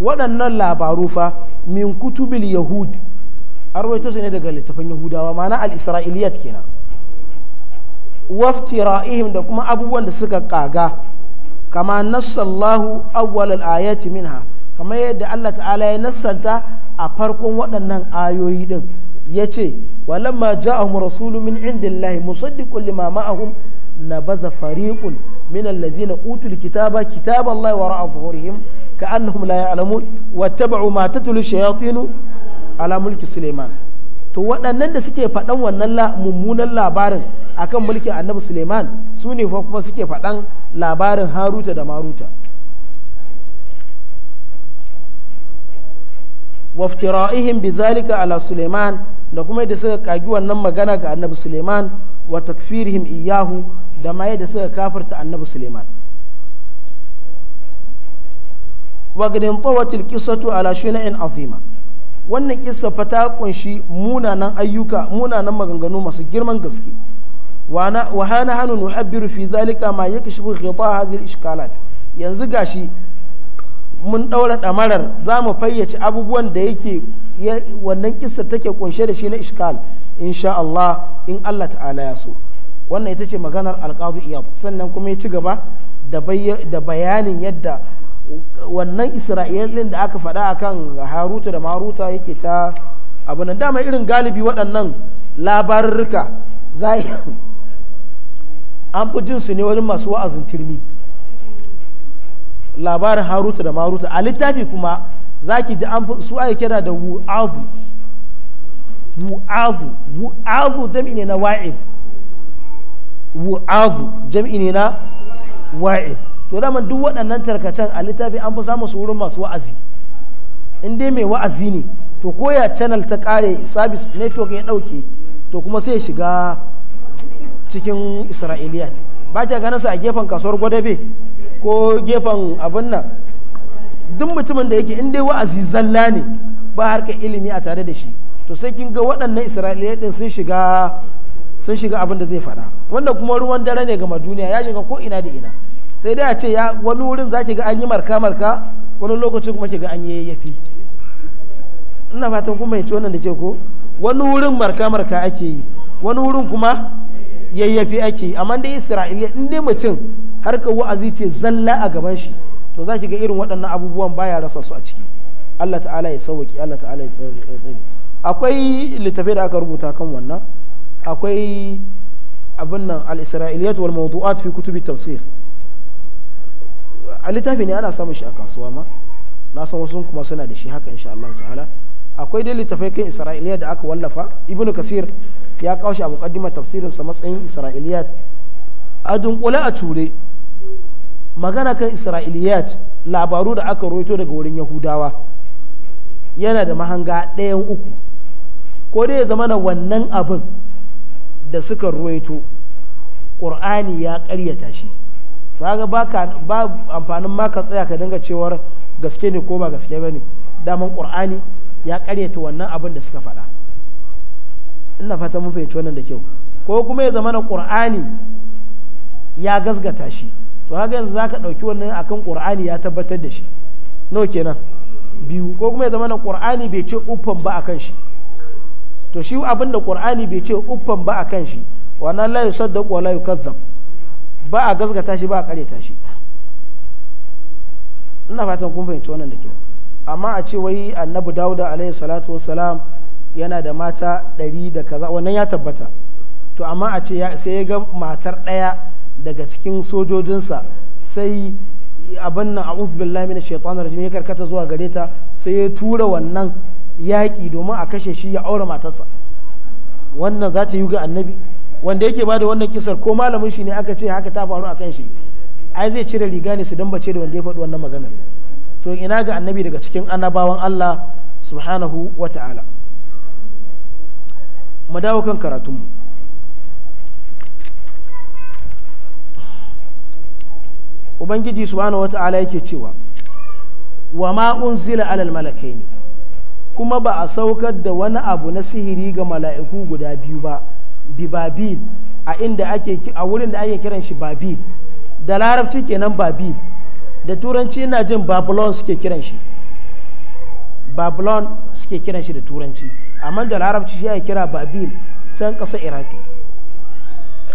Speaker 1: waɗannan labaru fa min kutubil yahud an su ne daga littafin yahudawa mana al-isra'iliyat kenan waftira'ihim da kuma abubuwan da suka kaga kama nassallahu awwalal ayati minha kamar yadda Allah ta'ala ya nasanta a farkon waɗannan ayoyi din yace walamma ja'ahum rasulun min indillahi musaddiqun lima ma'ahum nabaza fariqun min alladhina utul kitaba kitaballahi wa ra'afuhum ka'annahum la ya'lamun wattaba'u ma tatlu shayatinu ala mulki Suleiman. to waɗannan da suke faɗan wannan mummunan labarin akan mulkin annabi suleiman su ne kuma suke faɗan labarin haruta da maruta waftira'ihin bi zalika ala suleiman da kuma yadda suka kagi wannan magana ga annabi suleiman wa takfirihim iyahu da ma yadda suka kafarta annabi suleiman wa gadin tawatil kisatu ala shuna'in azima wannan kissa fa ta kunshi munanan ayyuka munanan maganganu masu girman gaske wa hana hannu nuhabbiru fi zalika ma yake shi hadhihi ishkalat yanzu gashi mun daura damarar za mu fayyace abubuwan da yake wannan kissa take kunshe da shi na ishkal insha Allah in Allah ta'ala ya so wannan ita ce maganar alqadi iyad sannan kuma ya ci gaba da bayanin yadda wannan isra'ilin da aka faɗa kan haruta da maruta yake ta abu nan dama irin galibi waɗannan labarurka za an fi jin su ne wajen masu wa'azin turmi labarin haruta da maruta a littafi kuma za ki ji an su ake kira da wu'avu wu'avu wu'avu jam'i ne na wa'iz wu'avu jami'i ne na wa'iz to dama duk waɗannan tarkacen a littafi an fi samun su wurin masu wa'azi in dai mai wa'azi ne to koya channel ta kare sabis network ya ɗauke to kuma sai shiga cikin isra'iliya ba ta ganin su a gefen kasuwar gwadabe ko gefen abin nan duk mutumin da yake in dai wa'azi zalla ne ba harkar ilimi a tare da shi to sai kin ga waɗannan isra'iliya din sun shiga sun shiga abin da zai faɗa wanda kuma ruwan dare ne gama duniya ya shiga ko ina da ina sai dai a ce ya wani wurin za ki ga an yi marka marka wani lokacin kuma ki ga an yi yafi ina fatan kuma ya ci wannan da ke ko wani wurin marka marka ake yi wani wurin kuma yayyafi ake yi amma dai isra'iliya in dai mutum ka wa'azi ce zalla a gaban shi to za ki ga irin waɗannan abubuwan baya rasa su a ciki Allah ta'ala ya sauwaki Allah ta'ala ya tsari akwai littafai da aka rubuta kan wannan akwai abin nan al-isra'iliyat wal mawdu'at fi kutubi tafsir a littafi ne ana samun shi a kasuwa ma na san wasu kuma suna da shi haka insha Allah ta'ala akwai dai littafai kan isra'iliya da aka wallafa ibn kasir ya kawo shi a muqaddima sa matsayin isra'iliyat a dunkule a ture magana kan isra'iliyat labaru da aka roito daga wurin yahudawa yana da mahanga ɗayan uku ko dai ya zama na wannan abin da suka roito ƙur'ani ya ƙaryata shi kaga ba amfanin ma ka tsaya ka dinga cewar gaske ne ko ba gaske ba ne daman qur'ani ya karyata wannan abin da suka faɗa ina fata mun fahimci wannan da kyau ko kuma ya zama na qur'ani ya gasgata shi to haka yanzu zaka ɗauki wannan akan qur'ani ya tabbatar da shi nawa kenan biyu ko kuma ya zama na qur'ani bai ce uffan ba akan shi to shi abin da qur'ani bai ce uffan ba akan shi wannan la yusaddaqu wa la yukazzab ba a gaskata shi ba a karyata shi ina fatan kun fahimci wannan da kyau amma a ce wai annabi dauda alayhi salatu wassalam yana da mata ɗari da kaza wannan ya tabbata to amma a ce sai ya ga matar ɗaya daga cikin sojojinsa sai abin nan a billahi min shaitan rajim ya karkata zuwa gare ta sai ya tura wannan yaƙi domin a kashe shi ya aure matarsa wannan za ta yi ga annabi wanda yake bada wannan kisar ko malamin shi ne aka ce haka ta faru akan shi ai zai cire riga ne su bace da wanda ya faɗi wannan maganar to ina ga annabi daga cikin annabawan Allah subhanahu wa ta'ala mu dawo kan karatunmu ubangiji subhanahu wa ta'ala yake cewa wa ma unzila alal malakaini kuma ba a saukar da wani abu na sihiri ga mala'iku guda biyu ba bibabil babil a inda ake a wurin da ake kiran shi babil da larabci kenan babil da turanci ina jin babylon suke kiran shi babylon suke kiran shi da turanci amma da larabci shi ake kira babil can ƙasa iraki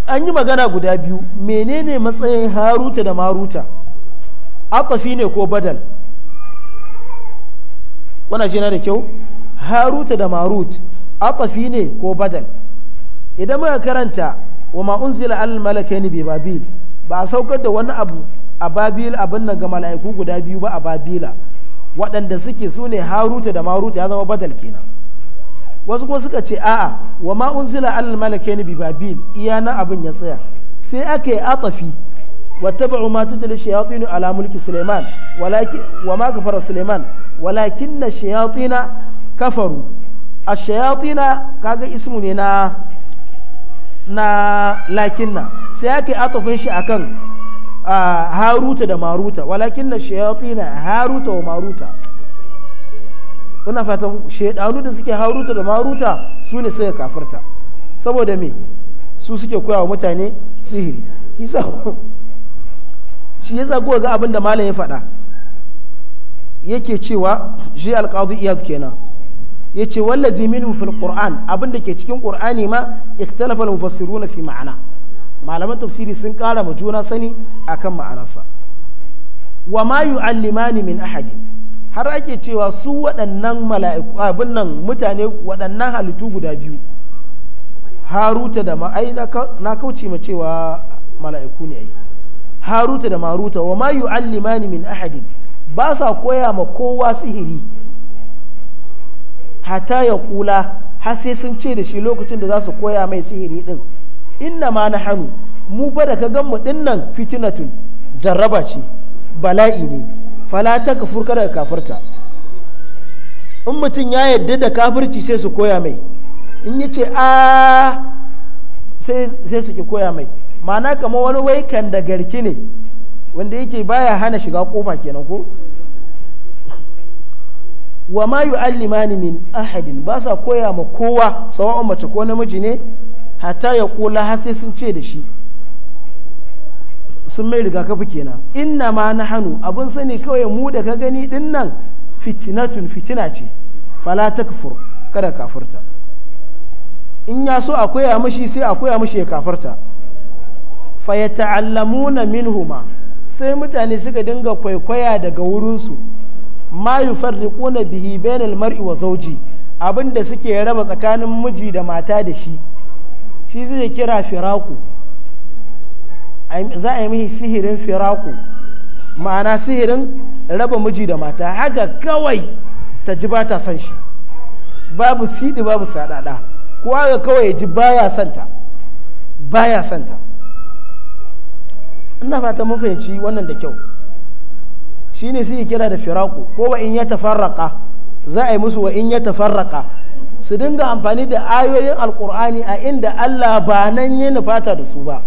Speaker 1: an yi magana guda biyu menene matsayin haruta da maruta atafi ne ko badal wana shi na da kyau haruta da marut atafi ne ko badal idan muka karanta wa ma unzila al malakaini bi babil ba a saukar da wani abu a babil abin nan ga mala'iku guda biyu ba a babila waɗanda suke su ne haruta da maruta ya zama badal kenan wasu kuma suka ce a'a wa ma unzila al malakaini bi babil iya na abin ya tsaya sai aka yi atafi wa tabu ma tutli shayatin ala mulki suleiman walakin wa ma kafara suleiman walakin shayatin kafaru ash-shayatin kaga ismu ne na na lakinna sai ake atafin shi akan haruta da maruta walakin na shayatina haruta wa maruta ina fatan shaidanu da suke haruta da maruta su ne suka kafirta saboda me su suke koya wa mutane sihiri shi ya zago ga abin da malam ya faɗa yake cewa shi alƙadu iyaz kenan ce wallazi minhu fil qur'an abin da ke cikin qur'ani ma ikhtalafa al mufassiruna fi ma'ana malaman tafsiri sun kara ma juna sani akan ma'anarsa wa ma yu'allimani min ahadi har ake cewa su waɗannan mala'iku abin nan mutane waɗannan halittu guda biyu haruta da ma'ai na kauce ma cewa mala'iku ne ai haruta da maruta wa ma yu'allimani min ahadin ba sa koya ma kowa sihiri hata ya kula har sai sun ce da shi lokacin da za su koya mai sihiri din inna ma na hannu mu fa da ka ganmu din nan fitinatun jarraba ce bala'i ne fala ta ka furka daga kafirta in mutum ya yadda da kafirci sai su koya mai in ya ce a sai su ki koya mai ma'ana kamar wani waikan da garki ne wanda yake baya hana shiga kofa kenan ko wa ma yu'allimani min ahadin ba sa koya ma kowa sawa'un mace ko namiji ne hatta ya kula har sai sun ce da shi sun mai rigakafi kenan inna ma na hannu abin sani kawai mu da ka gani din nan fitinatun fitina ce fala kafur kada kafurta in ya so a koya mashi sai a koya mashi ya kafurta fa ya ta'allamuna minhuma sai mutane suka dinga kwaikwaya daga wurinsu ma yufarriquna bihi bainal mar'i wa zawji abinda suke raba tsakanin miji da mata da shi shi zai kira firaku za a yi mihi sihirin firaku ma'ana sihirin raba miji da mata haka kawai ta ji ba ta son shi babu siɗi babu saɗaɗa kowa ga kawai ya ji baya santa baya santa ina fata mun fahimci wannan da kyau Shi ne suke kira da firaku ko wa in ya tafarraka za a yi musu wa in ya tafarraka su dinga amfani da ayoyin alkur'ani a inda Allah ba nan na nufata da su ba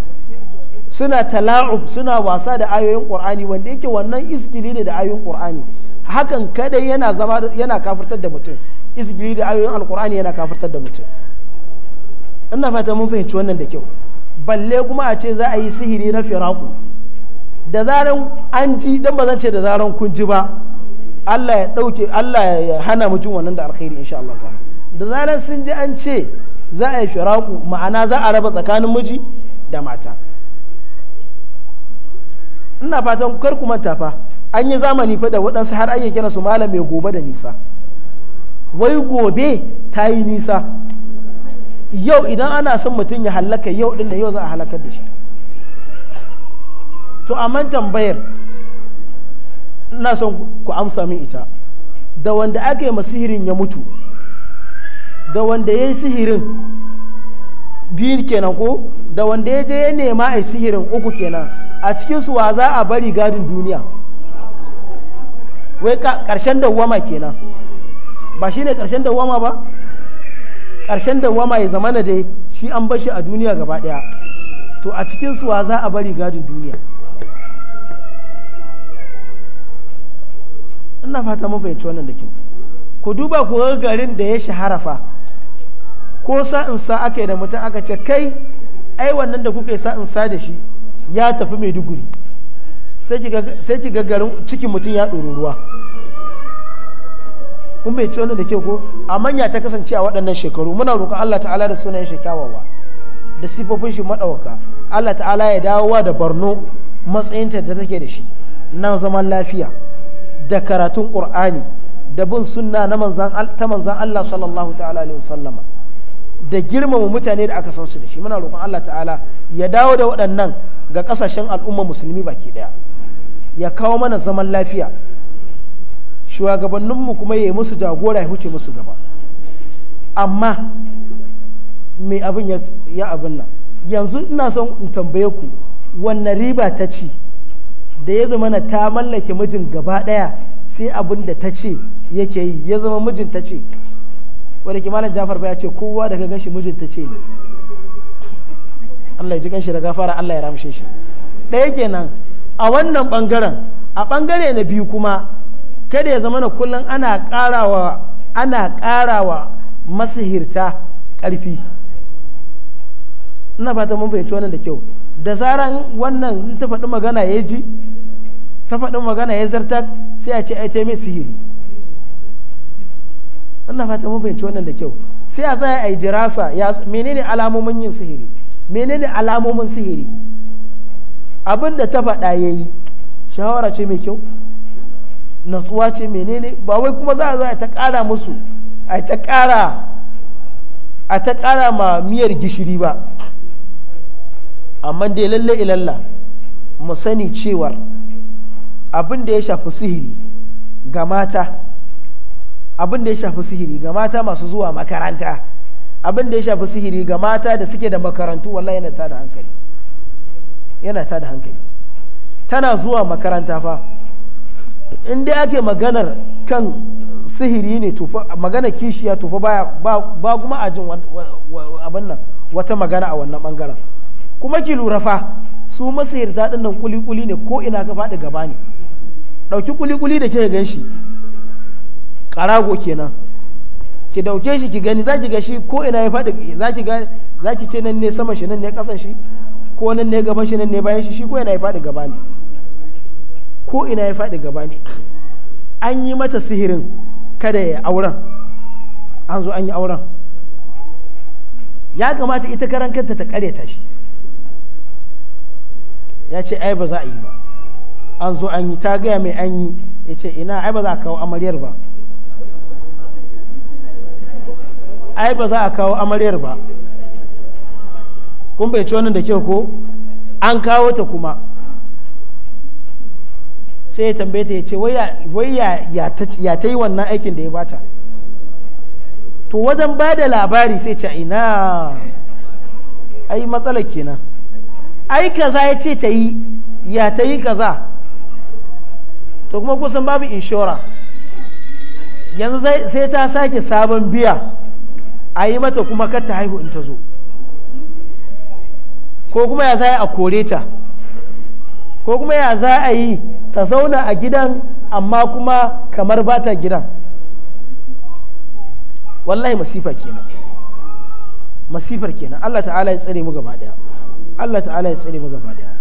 Speaker 1: suna tala'ub suna wasa da ayoyin qur'ani wanda yake wannan iskili ne da ayoyin qur'ani hakan kadai yana zama yana kafirtar da mutum iskili da ayoyin alkur'ani yana kafirtar da mutum ina fata mun fahimci wannan da kyau balle kuma a ce za a yi sihiri na firaku da zaran an ji dan ba zan ce da zaran kun ji ba Allah ya dauke Allah ya hana mu jin wannan da alkhairi insha Allah ta da zaran sun ji an ce za a yi firaku ma'ana za a raba tsakanin miji da mata ina fatan kar ku manta fa an yi zamani fa da waɗansu har ake kira su malam mai gobe da nisa wai gobe ta yi nisa yau idan ana son mutum ya halaka yau din da yau za a halakar da shi to a man tambayar ina son ku amsa min ita da wanda aka yi sihirin ya mutu da wanda ya yi sihirin biyu kenan ko da wanda ya je ya nema a sihirin uku kenan a cikinsu wa za a bari gadin duniya wai karshen dawwama kenan ba shi ne karshen dawwama ba karshen dawwama ya zamana dai shi an bashi a duniya gaba daya to a cikinsu wa za a bari gadin duniya ina fata mun fahimci wannan da kyau ku duba ku ga garin da ya shahara fa ko in sa aka yi da mutum aka ce kai ai wannan da kuka yi sa in sa da shi ya tafi mai duguri sai ki ga garin cikin mutum ya ɗoro ruwa kun bai wannan da kyau ko a manya ta kasance a waɗannan shekaru muna roƙon Allah ta'ala da sunayen shi kyawawa da sifofin shi maɗauka Allah ta'ala ya dawowa da barno matsayinta da take da shi nan zaman lafiya da karatun ƙur'ani da bin suna na manzan ta manzan Allah sallallahu ta'ala alaihi wasallama da girmama mutane da aka san su da shi muna roƙon Allah ta'ala ya dawo da waɗannan ga ƙasashen al'umma musulmi baki ɗaya ya kawo mana zaman lafiya shugabanninmu kuma ya yi musu jagora ya huce musu gaba amma mai abin ya abin nan yanzu ina son in tambaye ku wannan riba ta ci da ya zama na ta mallake mijin gaba ɗaya sai abin da ta ce yake yi ya zama mijin ta ce wadda kimanin jafar ba ya ce kowa daga ganshi mijin ta ce ne Allah ya ji ganshi daga fara Allah ya ramshe shi ɗaya kenan a wannan ɓangaren a ɓangare na biyu kuma kada ya zama na kullum ana ƙarawa ana ƙarawa masihirta ƙarfi ina fata mun fahimci wannan da kyau da zaran wannan ta faɗi magana ya ji ta faɗin magana ya zartar sai a ce ai ta mai sihiri Allah fata mun fahimci wannan da kyau sai a tsaya yi dirasa ya menene alamomin yin sihiri menene alamomin sihiri abin da ta faɗa ya yi shawara ce mai kyau natsuwa ce menene ba wai kuma za a zo a ta ƙara musu a ta ƙara a ta ƙara ma miyar gishiri ba amma dai lalle ilalla mu sani cewar abin da ya shafi sihiri ga mata abin da ya shafi sihiri ga mata masu zuwa makaranta abin da ya shafi sihiri ga mata da suke da makarantu wallahi yana tada hankali yana tada hankali tana zuwa makaranta fa inda ake maganar kan sihiri ne tufa magana kishiya tufa baya ba kuma ajin abin nan wata magana a wannan bangaren kuma ki lura fa su yarda ɗin nan kuli-kuli ne ko ina ka faɗi gaba ne ɗauki kuli-kuli da ke gan shi ƙarago kenan ki ɗauke shi ki gani za ki ga shi ko ina ya faɗi za ki ce nan ne sama shi nan ne ƙasan shi ko nan ne gaban shi nan ne bayan shi shi ko ina ya faɗi gaba ne ko ina ya faɗi gaba ne an yi mata sihirin kada ya auren an zo an yi auren ya kamata ita karan kanta ta ta shi ya ce ai ba za a yi ba an zo an yi ta gaya mai an yi ya ce ina ai ba za a kawo amaryar ba ai ba za a kawo amaryar ba kun bai ci wannan da kyau ko an kawo ta kuma sai ya tambaye ta ya ce wai ya ta yi wannan aikin da ya bata to wajen ba da labari sai ce ina ai matsalar kenan ai kaza ya ce ta yi ya ta yi kaza to kuma kusan babu inshora yanzu sai ta sake sabon biya a yi mata kuma kar ta haihu in ta zo ko kuma ya za a kore ta ko kuma ya za a yi ta zauna a gidan amma kuma kamar ba ta gidan wallahi masifa kenan masifar kenan allah ta'ala ya tsare mu gaba daya Allah ta'ala ya tsare mu gaba daya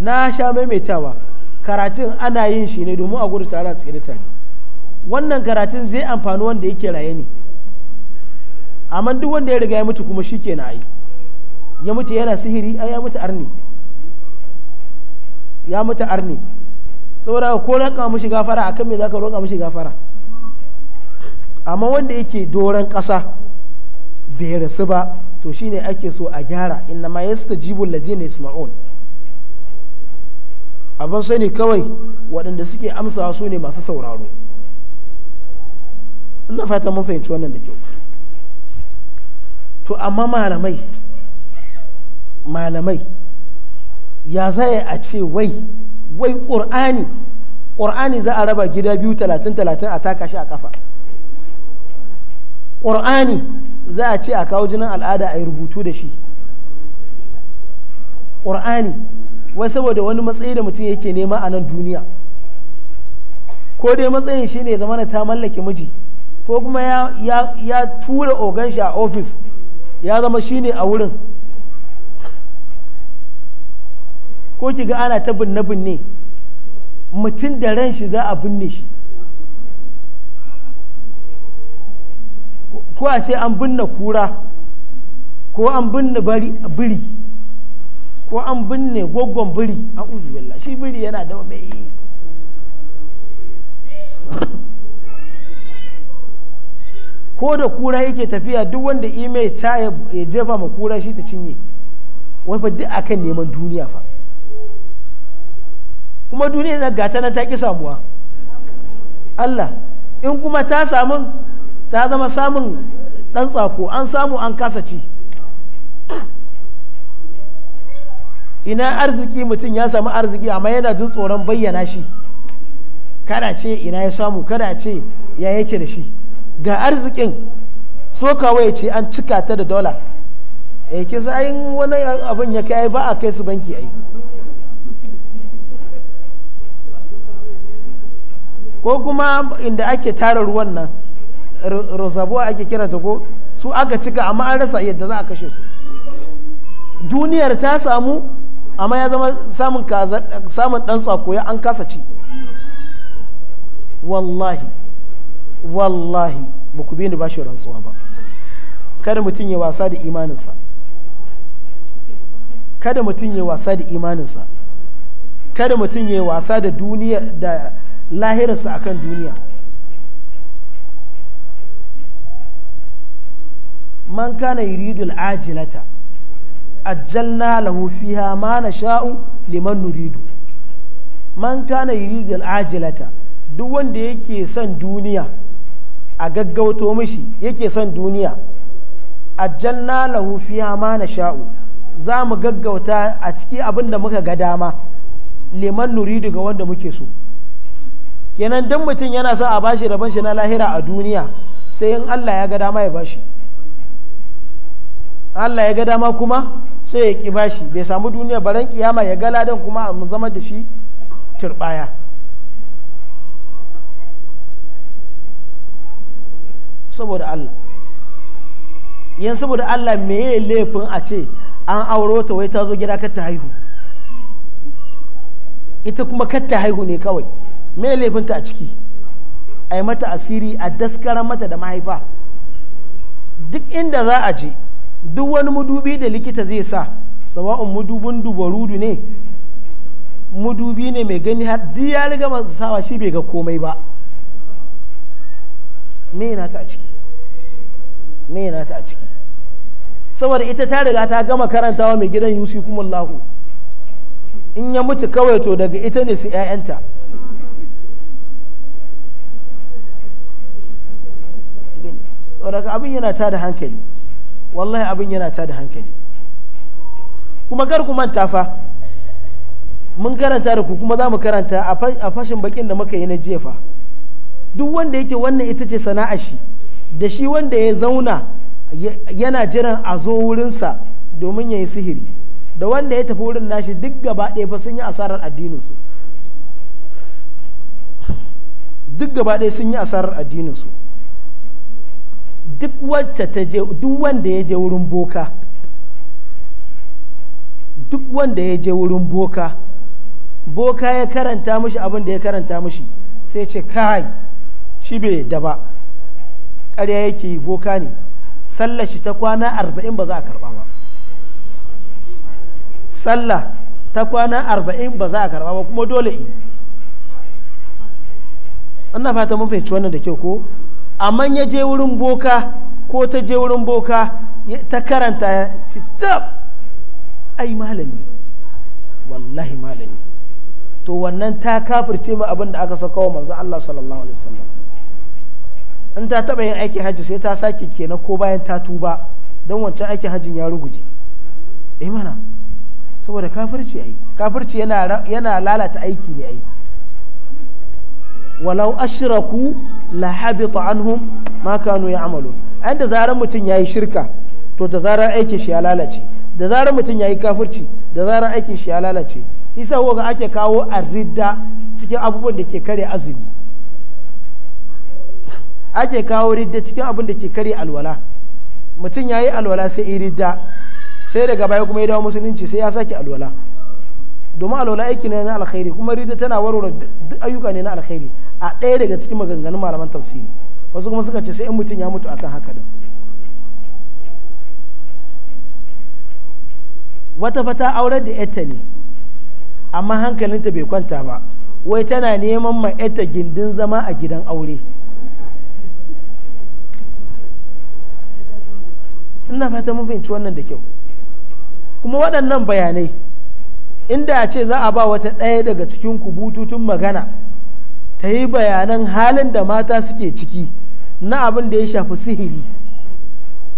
Speaker 1: na sha maimaitawa karatun ana yin shi ne domin a gudu tare a tsere tare wannan karatun zai amfani wanda yake raye ne amma duk wanda ya riga ya mutu kuma shi ke na ai ya mutu yana sihiri a ya mutu arni ya mutu arni saboda ko roƙa mushi gafara akan me zaka roƙa mushi gafara amma wanda yake doron ƙasa bai rasu ba to shi ne ake so a gyara inna ma yastajibu alladhina isma'un abin sani kawai waɗanda suke amsawa su ne masu sauraro ina fata mun fahimci wannan da kyau to amma malamai malamai ya zaya a ce wai wai ƙur'ani ƙur'ani za a raba gida biyu talatin talatin a taka shi a kafa ƙur'ani za a ce a kawo jinin al'ada a yi rubutu da shi ƙur'ani wai saboda wani matsayi da mutum yake nema a nan duniya ko dai matsayin shi ne zamana ta mallake miji ko kuma ya, tura ogan shi a ofis ya zama shi ne a wurin ko ki ga ana ta binne-binne mutum da ran shi za a binne shi ko a ce an binne kura ko an binne biri ko an binne gwaggon biri a uzubillah shi biri yana da mai ko da kura yake tafiya duk wanda imai ta ya jefa ma kura shi ta cinye wani fa duk akan neman duniya fa kuma duniya na gata na ta ki samuwa Allah in kuma ta samun ta zama samun ɗan tsako an samu an kasa ci ina arziki mutum ya samu arziki amma yana jin tsoron bayyana shi kada ce ina ya samu kada ce ya yake da shi ga arzikin so kawai ce an cika ta da dola e eh, ke sayin wani abin ya kai ba a kai su banki ai ko kuma inda ake tara ruwan nan rosabuwa ake kira ta ko su aka cika amma an rasa yadda za a kashe su duniyar ta samu amma ya zama samun samun dan tsako ya an kasa ci wallahi wallahi ba ku bi ni ba shi rantsuwa ba kada mutum ya wasa da imaninsa kada mutum ya wasa da imaninsa kada mutum ya wasa da duniya da lahirarsa akan duniya man kana yuridul ajilata ajjalna lahu fiha ma nasha'u liman nuridu man kana yuridul ajilata duk wanda yake son duniya a gaggauto mishi yake son duniya ajjalna lahu fiha ma nasha'u za mu gaggauta a ciki abin da muka ga dama liman nuridu ga wanda muke so kenan dan mutum yana son a bashi rabon shi na lahira a duniya sai in Allah ya ga dama ya bashi Allah ya ga dama kuma sai ya ki bashi bai samu duniya baran kiyama ya ga ladan kuma a zama da shi turbaya saboda Allah yan saboda Allah me ya laifin a ce an auro ta wai ta zo gida kar ta haihu ita kuma kar ta haihu ne kawai me ya laifinta a ciki a yi mata asiri a daskara mata da mahaifa duk inda za a je duk wani mudubi da likita zai sa sawa'un mudubin dubarudu ne mudubi ne mai gani har duk ya riga sawa shi bai ga komai ba me yana ta a ciki me yana ta a ciki saboda ita ta riga ta gama karantawa mai gidan yusi kuma in ya mutu kawai to daga ita ne su 'ya'yanta saboda abin yana ta da hankali wallahi abin yana ta da hankali kuma kar ku manta fa mun karanta da ku kuma za mu karanta a fashin bakin da muka yi na jefa duk wanda yake wannan ita ce sana'a shi da shi wanda ya zauna yana jiran a zo wurinsa domin ya yi sihiri da wanda ya tafi wurin nashi duk gaba ɗaya fa sun yi asarar addininsu duk gaba ɗaya sun yi asarar addininsu duk wacce ta je duk wanda ya je wurin boka duk wanda ya je wurin boka boka ya karanta mushi abin da ya karanta mushi sai ce kai shi bai da ba ƙarya yake yi boka ne sallar shi ta kwana arba'in ba za a karba ba sallah ta kwana arba'in ba za a karba ba kuma dole yi ana fata mun fahimci wannan da kyau ko amma ya je wurin boka ko ta je wurin boka ta karanta ci tab ai malami wallahi malami to wannan ta kafirce ma abin da aka sakawa manzo Allah sallallahu alaihi wasallam in ta taba yin aikin hajji sai ta sake kenan ko bayan ta tuba don wancan aikin hajjin ya ruguje eh mana saboda kafirci ai kafirci yana yana lalata aiki ne ai walau ashiraku la habita anhum ma kanu amalu an da zarar mutum ya yi shirka to da zarar aikin shi ya lalace da zarar mutum ya yi kafirci da zarar aikin shi ya lalace isa ga ake kawo arridda cikin abubuwan da ke kare azumi ake kawo ridda cikin abin da ke kare alwala mutum ya yi alwala sai yi ridda sai daga baya kuma ya dawo musulunci sai ya sake alwala domin alwala aiki ne na alkhairi kuma ridda tana warware ayyuka ne na alkhairi a ɗaya daga cikin maganganun malaman tafsiri wasu kuma suka ce sai in mutum ya mutu akan haka din wata fata aurar da ita ne amma hankalinta bai kwanta ba wai tana neman ma ita gindin zama a gidan aure ina fata mun fahimci wannan da kyau kuma waɗannan bayanai inda a ce za a ba wata ɗaya daga cikin ku bututun magana ta yi bayanan halin da mata suke ciki na abin da ya shafi sihiri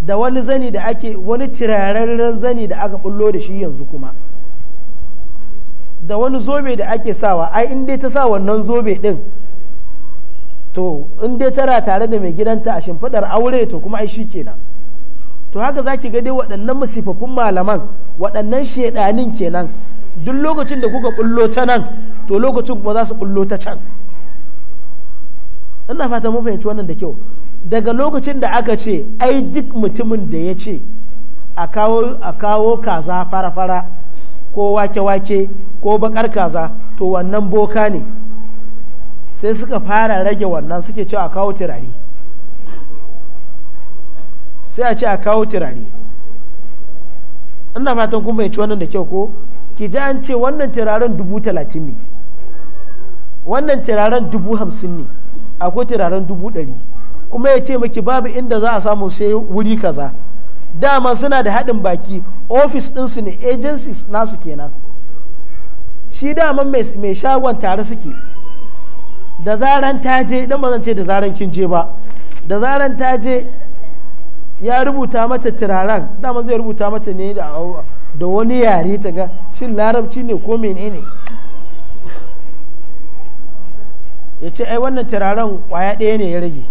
Speaker 1: da wani zani da ake wani tirararren zani da aka bullo da shi yanzu kuma da wani zobe da ake sawa ai in dai ta sa wannan zobe din to in dai tana tare da mai gidanta a shimfiɗar aure to kuma ai shi kenan to haka za ki dai waɗannan masifafin malaman waɗannan shaidanin kenan duk lokacin da kuka bullo ta nan to lokacin kuma za su bullo ta can ina fata mun fahimci wannan da kyau daga lokacin da aka ce ai duk mutumin da ya ce a kawo kaza fara-fara ko wake-wake ko bakar kaza to wannan boka ne sai suka fara rage wannan suke cewa a kawo turare sai a ce a kawo turare ina fatan kun fahimci wannan da kyau ko ki ji an ce wannan turaren dubu talatin ne wannan turaren dubu hamsin ne akwai turaren dubu ɗari kuma ya ce maki babu inda za a samu sai wuri kaza dama suna da haɗin baki ofis ɗinsu ne agencies nasu kenan shi dama mai shagon tare suke da zaran ta je dan ba ce da zaran kin je ba da zaran ta je ya rubuta mata turaren dama zai rubuta mata ne da wani yare ta ga shin larabci ne ko menene ne ya ce ai wannan turaren kwaya ɗaya ne ya rage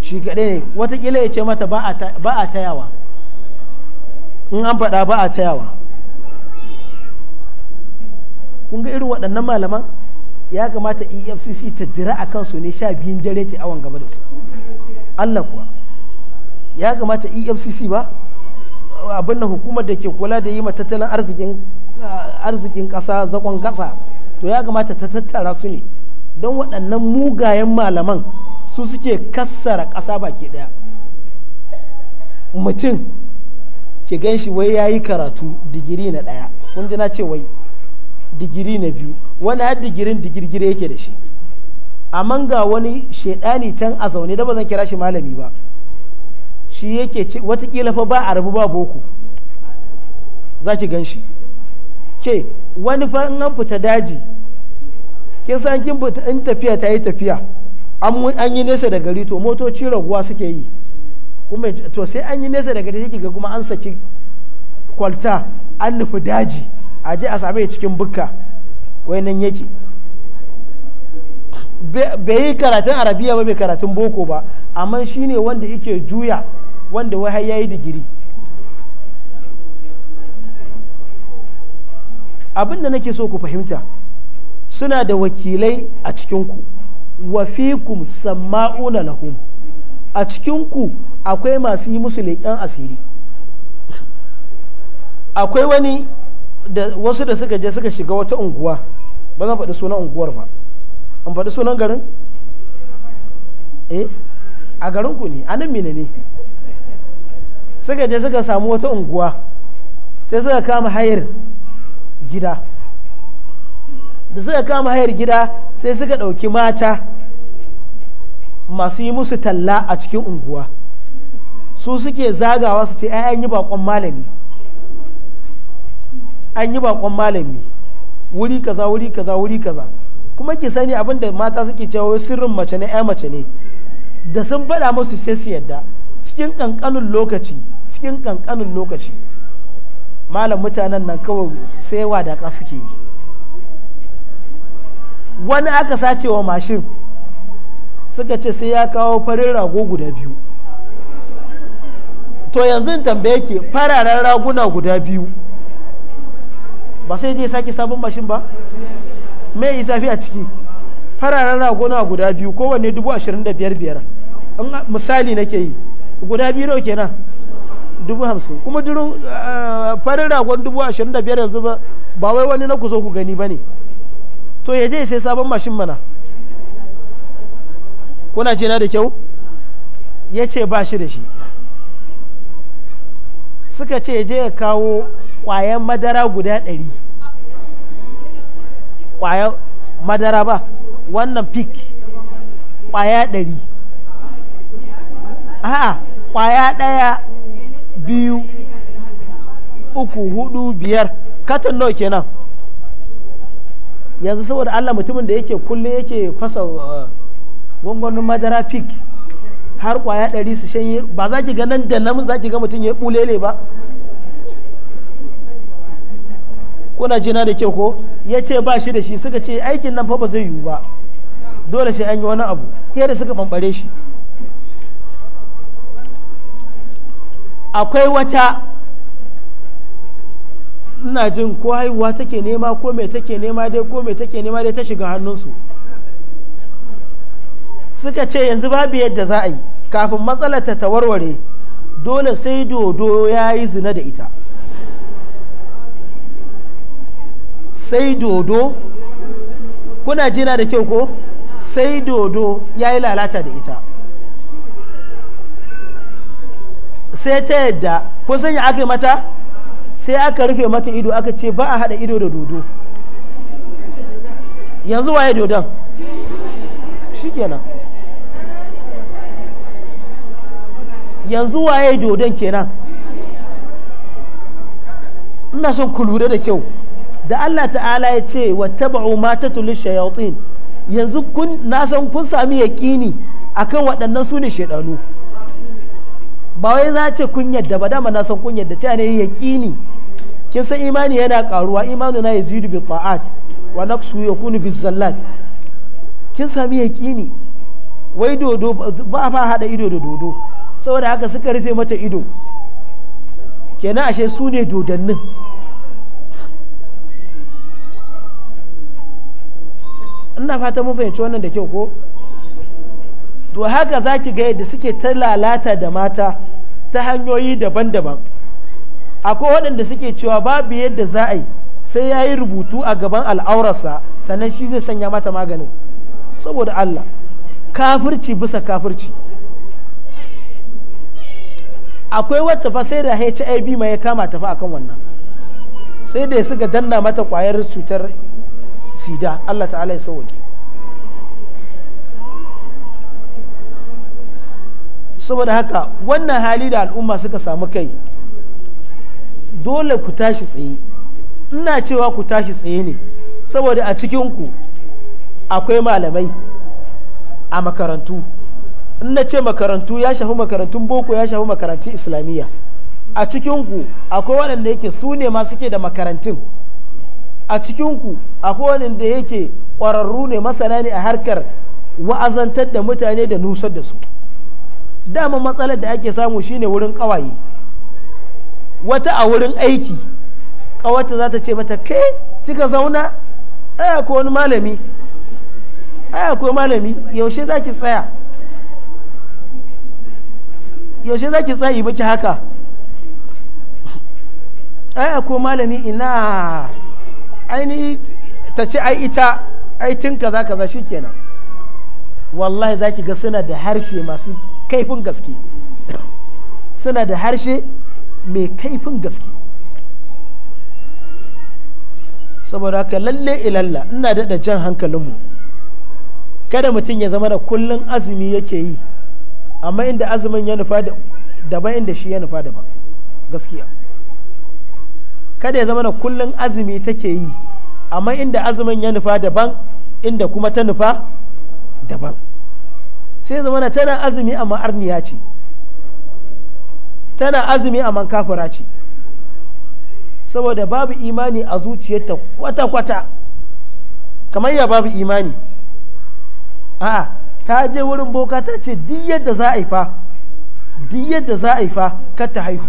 Speaker 1: shi kaɗai ne watakila ya ce mata ba a tayawa in an faɗa ba a tayawa kun ga irin waɗannan malaman ya kamata efcc ta dira a kansu ne sha biyun dare ta awon gaba da su allah kuwa ya kamata efcc ba abin na hukumar da ke kula da yi ma tattalin arzikin ah, ƙasa zagon ƙasa to ya kamata ta tattara su ne don waɗannan mugayen malaman su suke kassara ƙasa baki ɗaya mutum ki gan shi wai ya yi karatu digiri na ɗaya kun ji na ce wai digiri na biyu wani har digirin digirgire yake da shi amma ga wani shaidani can a zaune da ba zan kira shi malami ba shi yake watakila fa ba a rabu ba boko za ki gan shi ke wani fa an fita daji kin san kin fita in tafiya ta yi tafiya an yi nesa da gari to motoci raguwa suke yi kuma to sai an yi nesa da gari sai ga kuma an saki kwalta an nufi daji a je a same cikin bukka nan yake bai yi karatun arabiya ba bai karatun boko ba amma shine wanda yake juya wanda wai har yayi digiri abin da nake so ku fahimta suna da wakilai a cikinku wafikum fikum samma'una lahum a cikinku akwai masu yi musu leƙen asiri akwai wani da wasu da suka je suka shiga wata unguwa ba zan faɗi sunan unguwar ba an faɗi sunan garin eh a garin ku ne a nan ne suka je suka samu wata unguwa sai suka kama hayar gida da suka kama hayar gida sai suka ɗauki mata masu yi musu talla a cikin unguwa su suke zagawa su ce an yi bakon malami an yi bakon malami wuri kaza wuri kaza wuri kaza kuma ki sani abin da mata suke cewa sirrin mace ne ya mace ne da sun faɗa musu sai su yadda cikin ƙanƙanin lokaci cikin ƙanƙanin lokaci malam mutanen nan kawai sai wadaka suke yi wani aka sace wa mashin suka ce sai ya kawo farin rago guda biyu to yanzu tambaye ke fararen raguna guda biyu ba sai je sake sabon mashin ba me isafi a ciki fararen raguna guda biyu kowanne dubu ashirin da biyar biyar misali nake yi guda biyu nau kenan dubu hamsin kuma durin eh, farin ragon dubu ashirin da biyar yanzu ba ba wai wani na kuzo ku gani ba ne to ya je sai sabon mashin mana kuna jina da kyau ya ce ba shi da shi suka ce je ya kawo kwayan madara guda ɗari kwayan madara ba wannan pik kwaya ɗari a'a kwaya ɗaya biyu uku hudu biyar katon nawa kenan yanzu saboda allah mutumin da yake kulle yake fasa uh, gwangwanin madara fik har kwaya ɗari su shanye ba za ki ga nan da nan za ki ga mutum ya bulele ba kuna jina da ke ko ya ce ba shi da shi suka ce aikin nan fa ba zai yiwu ba dole sai an yi wani abu ya da suka bambare shi akwai wata ina jin ko haihuwa take nema ko mai take nema dai ko mai take nema dai ta shiga hannunsu suka ce yanzu babu yadda za a yi kafin matsalar ta warware dole sai dodo ya yi zina da ita sai dodo kuna jina da kyau ko sai dodo ya yi lalata da ita sai ta yadda ko sanya aka mata sai aka rufe mata ido aka ce ba a hada ido da dodo yanzu waye dodon shikenan yanzu waye dodon kenan ina son ku lura da kyau da Allah ta'ala ya ce wa taba'u ma tatul shayatin yanzu kun na san kun sami yaqini akan waɗannan su ne shaidanu ba wai za ce kun yadda ba dama na san kun yadda cewa ne kini kin san imani yana karuwa imanu na yazidu bi ta'at wa naqsu yakunu bi zallat kin sami yaqini wai dodo ba fa haɗa ido da dodo saboda haka suka rufe mata ido kenan ashe su ne dodannin ina fata mun fahimci wannan da kyau ko to haka za ki ga yadda suke ta lalata da mata ta hanyoyi daban-daban akwai waɗanda suke cewa babu yadda za a yi sai ya yi rubutu a gaban al'aurarsa sannan shi zai sanya mata maganin saboda allah kafirci bisa kafirci akwai wata fa sai da hiv mai ya kama tafi akan wannan sai da ya suka danna mata kwayar cutar sida allah ta'ala ya sauke saboda haka wannan hali da al'umma suka samu kai dole ku tashi tsaye ina cewa ku tashi tsaye ne saboda a cikinku akwai malamai a makarantu ina ce makarantu ya shafi makarantun boko ya shafi makarantun islamiyya a cikinku akwai waɗanda yake su ne ma suke da makarantun a cikinku akwai waɗanda yake ƙwararru ne masana ne a harkar wa'azantar da mutane da nusar da su dama matsalar da ake samu shine wurin kawaye wata a wurin aiki kawata za ta ce mata ke kika zauna aya ko wani malami aya ko malami yaushe za ki tsaya yaushe za ki tsayi baki haka aya ko malami ina aini ta ce ai ita ai tun kaza kaza shikenan wallahi za ki ga suna da harshe masu kaifin gaske suna da harshe mai kaifin gaske saboda haka lalle ilalla ina daɗa jan hankalinmu kada mutum ya zama da kullum azumi yake yi amma inda azumin ya nufa daban inda shi ya nufa daban gaskiya kada ya zama da kullum azumi take yi amma inda azumin ya nufa daban inda kuma ta nufa daban sai zama na tana azumi amma arniya ce tana azumi amma kafira ce saboda babu imani a zuciyarta kwata-kwata kamar ya babu imani a'a ta je wurin boka ta ce duk yadda za a yi fa duk yadda za a yi fa kar ta haihu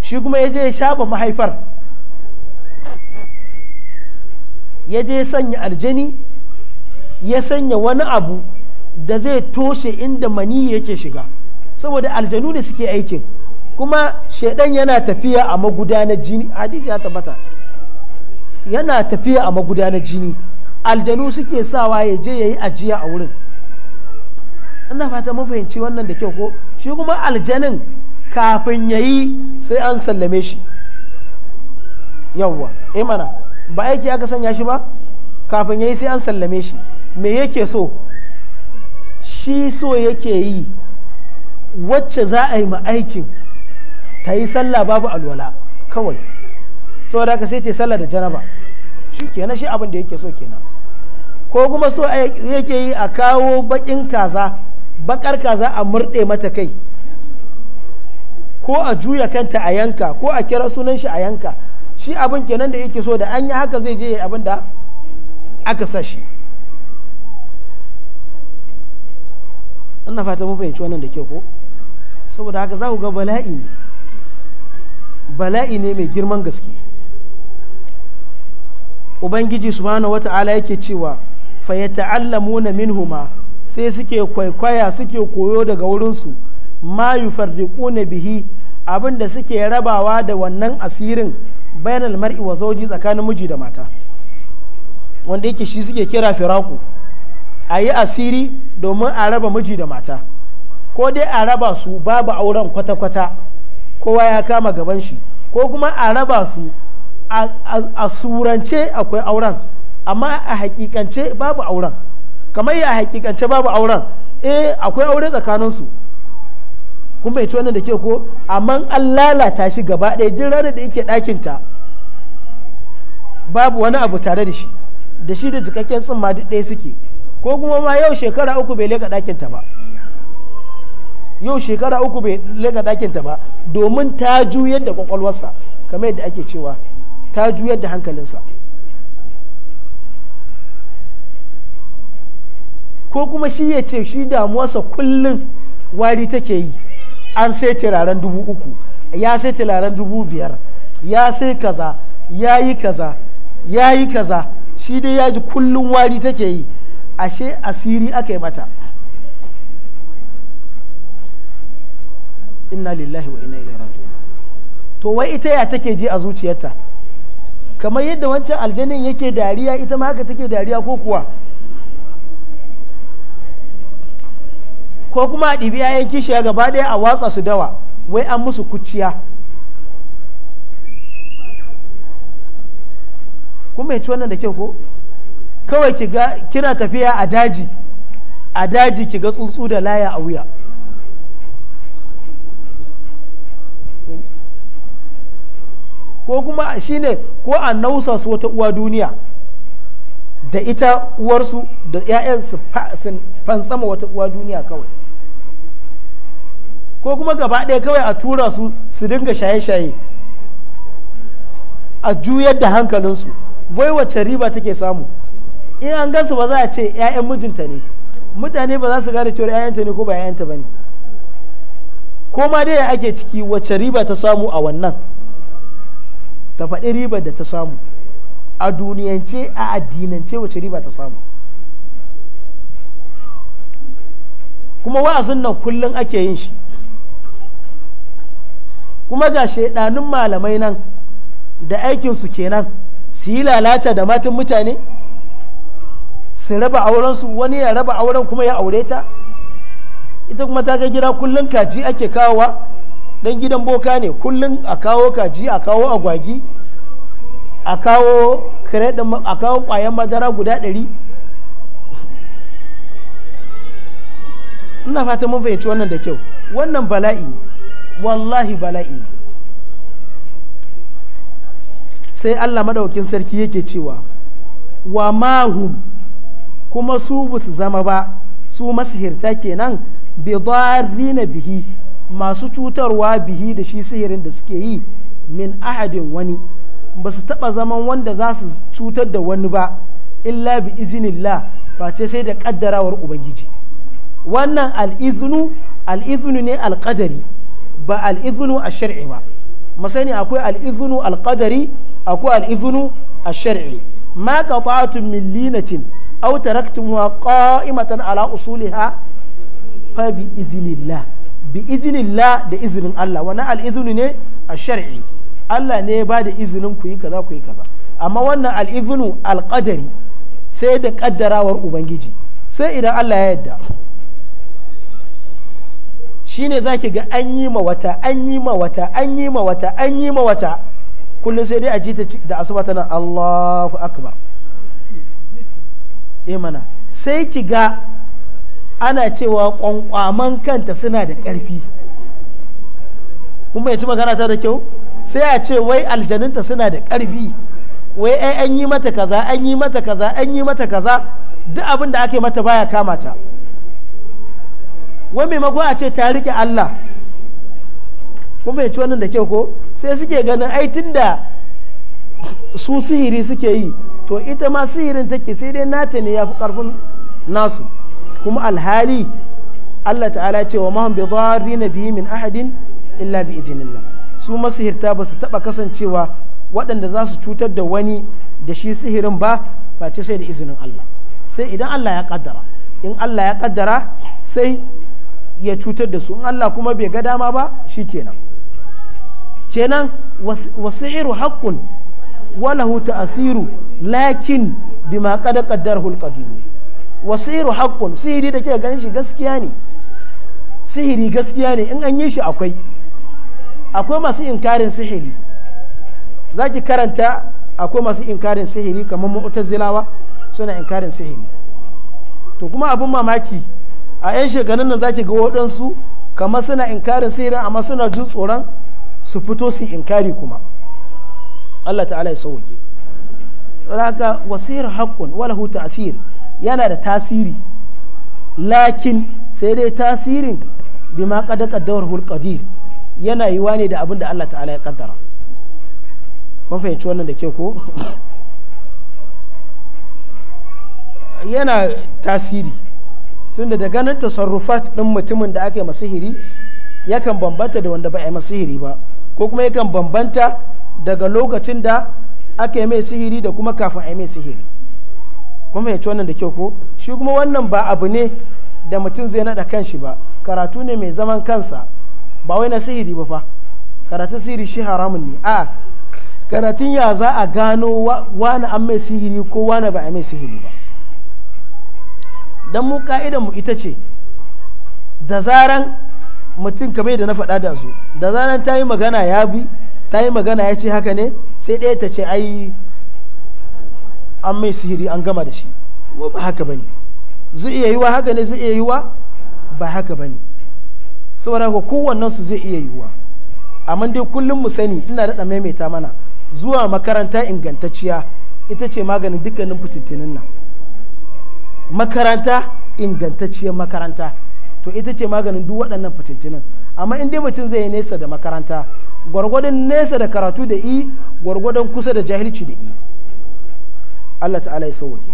Speaker 1: shi kuma ya je ya shaba mahaifar ya je sanya aljani ya sanya wani abu da zai toshe inda mani yake shiga saboda aljanu ne suke aikin kuma shaidan yana tafiya a magudanar jini hadisi ya tabbata yana tafiya a magudanar jini aljanu suke sawa ya je ya yi ajiya a wurin ina fata mun fahimci wannan da kyau ko shi kuma aljanin kafin ya yi sai an sallame shi yawwa eh ba aiki aka sanya shi ba kafin ya yi sai an sallame shi me yake so shi so yake yi wacce za a yi ma aikin ta yi sallah babu alwala kawai saboda ka sai ta yi sallah da janaba shi kenan shi abin da yake so kenan ko kuma so yake yi a kawo bakin kaza bakar kaza a murɗe mata kai ko a juya kanta a yanka ko a kira sunan shi a yanka shi abin kenan da yake so da an yi haka zai je abin da aka sa shi ina fata mun fahimci wannan da kyau ko saboda haka za ku ga bala'i ne bala'i ne mai girman gaske ubangiji subhanahu wata'ala yake cewa fa yata'allamuna minhuma sai suke kwaikwaya suke koyo daga wurinsu ma na bihi abin da suke rabawa da wannan asirin bainal mar'i wa zauji tsakanin miji da mata wanda yake shi suke kira firaku a yi asiri domin a raba miji da mata ko dai a raba su babu auren kwata-kwata kowa ya kama gaban shi ko kuma a raba su a surance akwai auren amma a hakikance babu auren kamar ya hakikance babu auren eh akwai aure tsakaninsu kuma bai wannan da ke ko amma an lalata shi gaba ɗaya jin ranar da yake ɗakinta babu wani abu tare da shi da shi da jikakken tsimma duk ɗaya suke ko kuma ma yau shekara uku bai leka ɗakinta ba yau shekara uku bai leka ta ba domin ta juyar da kwakwalwarsa kamar yadda ake cewa ta juyar da hankalinsa ko kuma shi ya ce shi damuwarsa kullum wari take yi an sai turaren dubu uku ya sai turaren dubu biyar ya sai kaza ya yi kaza ya yi kaza shi dai ya ji kullum wari take yi ashe asiri aka yi mata inna lillahi wa inna ilaihi raji'un to wai ita ya take ji a zuciyarta kamar yadda wancan aljanin yake dariya ita ma haka take dariya ko kuwa ko kuma a ɗibi 'ya'yan kishiya gaba ɗaya a watsa su dawa wai an musu kuciya kuma ya ci wannan da kyau ko kawai kina tafiya a daji a daji ki ga tsuntsu da laya a wuya ko kuma shine ko a nausa su wata uwa duniya da ita uwarsu da 'ya'yan su fansama wata uwa duniya kawai ko kuma gaba ɗaya kawai a tura su su dinga shaye-shaye a juyar da hankalinsu wai wacce riba take samu in an gansu ba za a ce 'ya'yan mijinta ne mutane ba za su gane cewar 'ya'yanta ne ko ba 'ya'yanta ba ne ko ma dai ake ciki wacce riba ta samu a wannan ta faɗi riba da ta samu a duniyance a addinance wacce riba ta samu kuma wa'azin nan kullum ake yin shi kuma ga shaidanun malamai nan da aikinsu kenan su yi lalata da matan mutane su raba aurensu wani ya raba auren kuma ya aure ta ita kuma ta ga gida kullum kaji ake kawowa dan gidan boka ne kullum a kawo kaji a kawo agwagi a kawo a kawo kwayan madara guda ɗari ina fata mun fahimci wannan da kyau wannan bala'i wallahi bala'i sai allah madaukin sarki yake cewa wa mahum kuma su ba su zama ba su masihirta kenan na bihi masu cutarwa bihi da shi sihirin da suke yi min ahadin wani ba su taɓa zaman wanda za su cutar da wani ba illa bi izinillah ce sai da ƙaddarawar ubangiji wannan al'izinu al'izinu ne alƙadari ba al'izinu a shari'i ba masani akwai al'izinu alƙadari akwai al'izinu a shari'i ma qata'atun min linatin aw taraktumuha qa'imatan ala usuliha fa bi iznillah bi iznillah da izinin Allah Wani al-iznu ne a shar'i Allah ne ba da izinin ku yi kaza ku yi kaza amma wannan al-iznu sai da ƙaddarawar ubangiji sai idan Allah ya yarda shine zaki ga an yi ma wata an yi ma wata an yi ma wata an yi ma wata kullum sai dai a ji ta da asuba tana Allahu akbar Eh, mana sai ki ga ana cewa kwankwaman kanta suna da ƙarfi kuma yanci magana ta da kyau sai a ce wai aljaninta suna da ƙarfi wai ai an yi mata kaza an yi mata kaza an yi mata kaza duk abin da ake mata baya kama ta wai maimakon a ce ta rike Allah kuma yanci wannan da kyau ko sai suke ganin ai da. su sihiri suke yi to ita ma sihirin take sai dai nata ne ya fi karfin nasu kuma alhali Allah ta'ala ce wa mahun bi na min ahadin illa bi izinillah su masihirta ba su taba kasancewa waɗanda za su cutar da wani da shi sihirin ba face sai da izinin Allah sai idan Allah ya kaddara in Allah ya kaddara sai ya cutar da su in Allah kuma bai ga dama ba shi kenan kenan wasihiru haqqun وله تأثير لكن بما قد قدره wasu wasiru haƙƙun sihiri da ke ganin shi gaskiya ne sihiri gaskiya ne in an yi shi akwai akwai masu inkarin sihiri za karanta akwai masu inkarin sihiri kamar Zilawa suna inkarin sihiri to kuma abin mamaki a 'yan shekarun nan za ki ga waɗansu kamar suna inkarin sihiri amma suna jin tsoron su fito su inkari kuma Allah ta'ala ya sauke raka wasir haqqun wala hu ta'sir yana da tasiri lakin sai dai tasirin bima qad qaddara qadir yana yi ne da abin da Allah ta'ala ya kaddara kun fahimci wannan da ke ko yana tasiri tunda da ganin tasarrufat din mutumin da aka yi masihiri yakan bambanta da wanda ba a yi masihiri ba ko kuma yakan bambanta daga lokacin da aka yi mai sihiri da kuma kafin a yi mai sihiri kuma ya ci wannan da kyau ko shi kuma wannan ba abu ne da mutum zai naɗa kanshi ba karatu ne mai zaman kansa ba wai na sihiri ba fa karatun sihiri shi haramun ne a karatun ya za a gano wani an mai sihiri ko wani ba a mai sihiri ba don mu ka'idanmu ita ce da zaran mutum kamar da na faɗa da su da zanen ta yi magana ya bi ta yi magana ya ce haka ne sai ɗaya ta ce ai an mai sihiri an gama da shi ko ba haka ba ne zai iya yiwa haka ne zai iya yiwa ba haka ba ne saboda haka kowannen su zai iya yiwa amma dai kullum mu sani ina daɗa maimaita mana zuwa makaranta ingantacciya ita ce maganin dukkanin fitintinin nan makaranta ingantacciyar makaranta to ita ce maganin duk waɗannan fitintunan amma in dai mutum zai yi nesa da makaranta gwargwadon nesa da karatu da i gwargwadon kusa da jahilci da i Allah ta'ala ya sauwake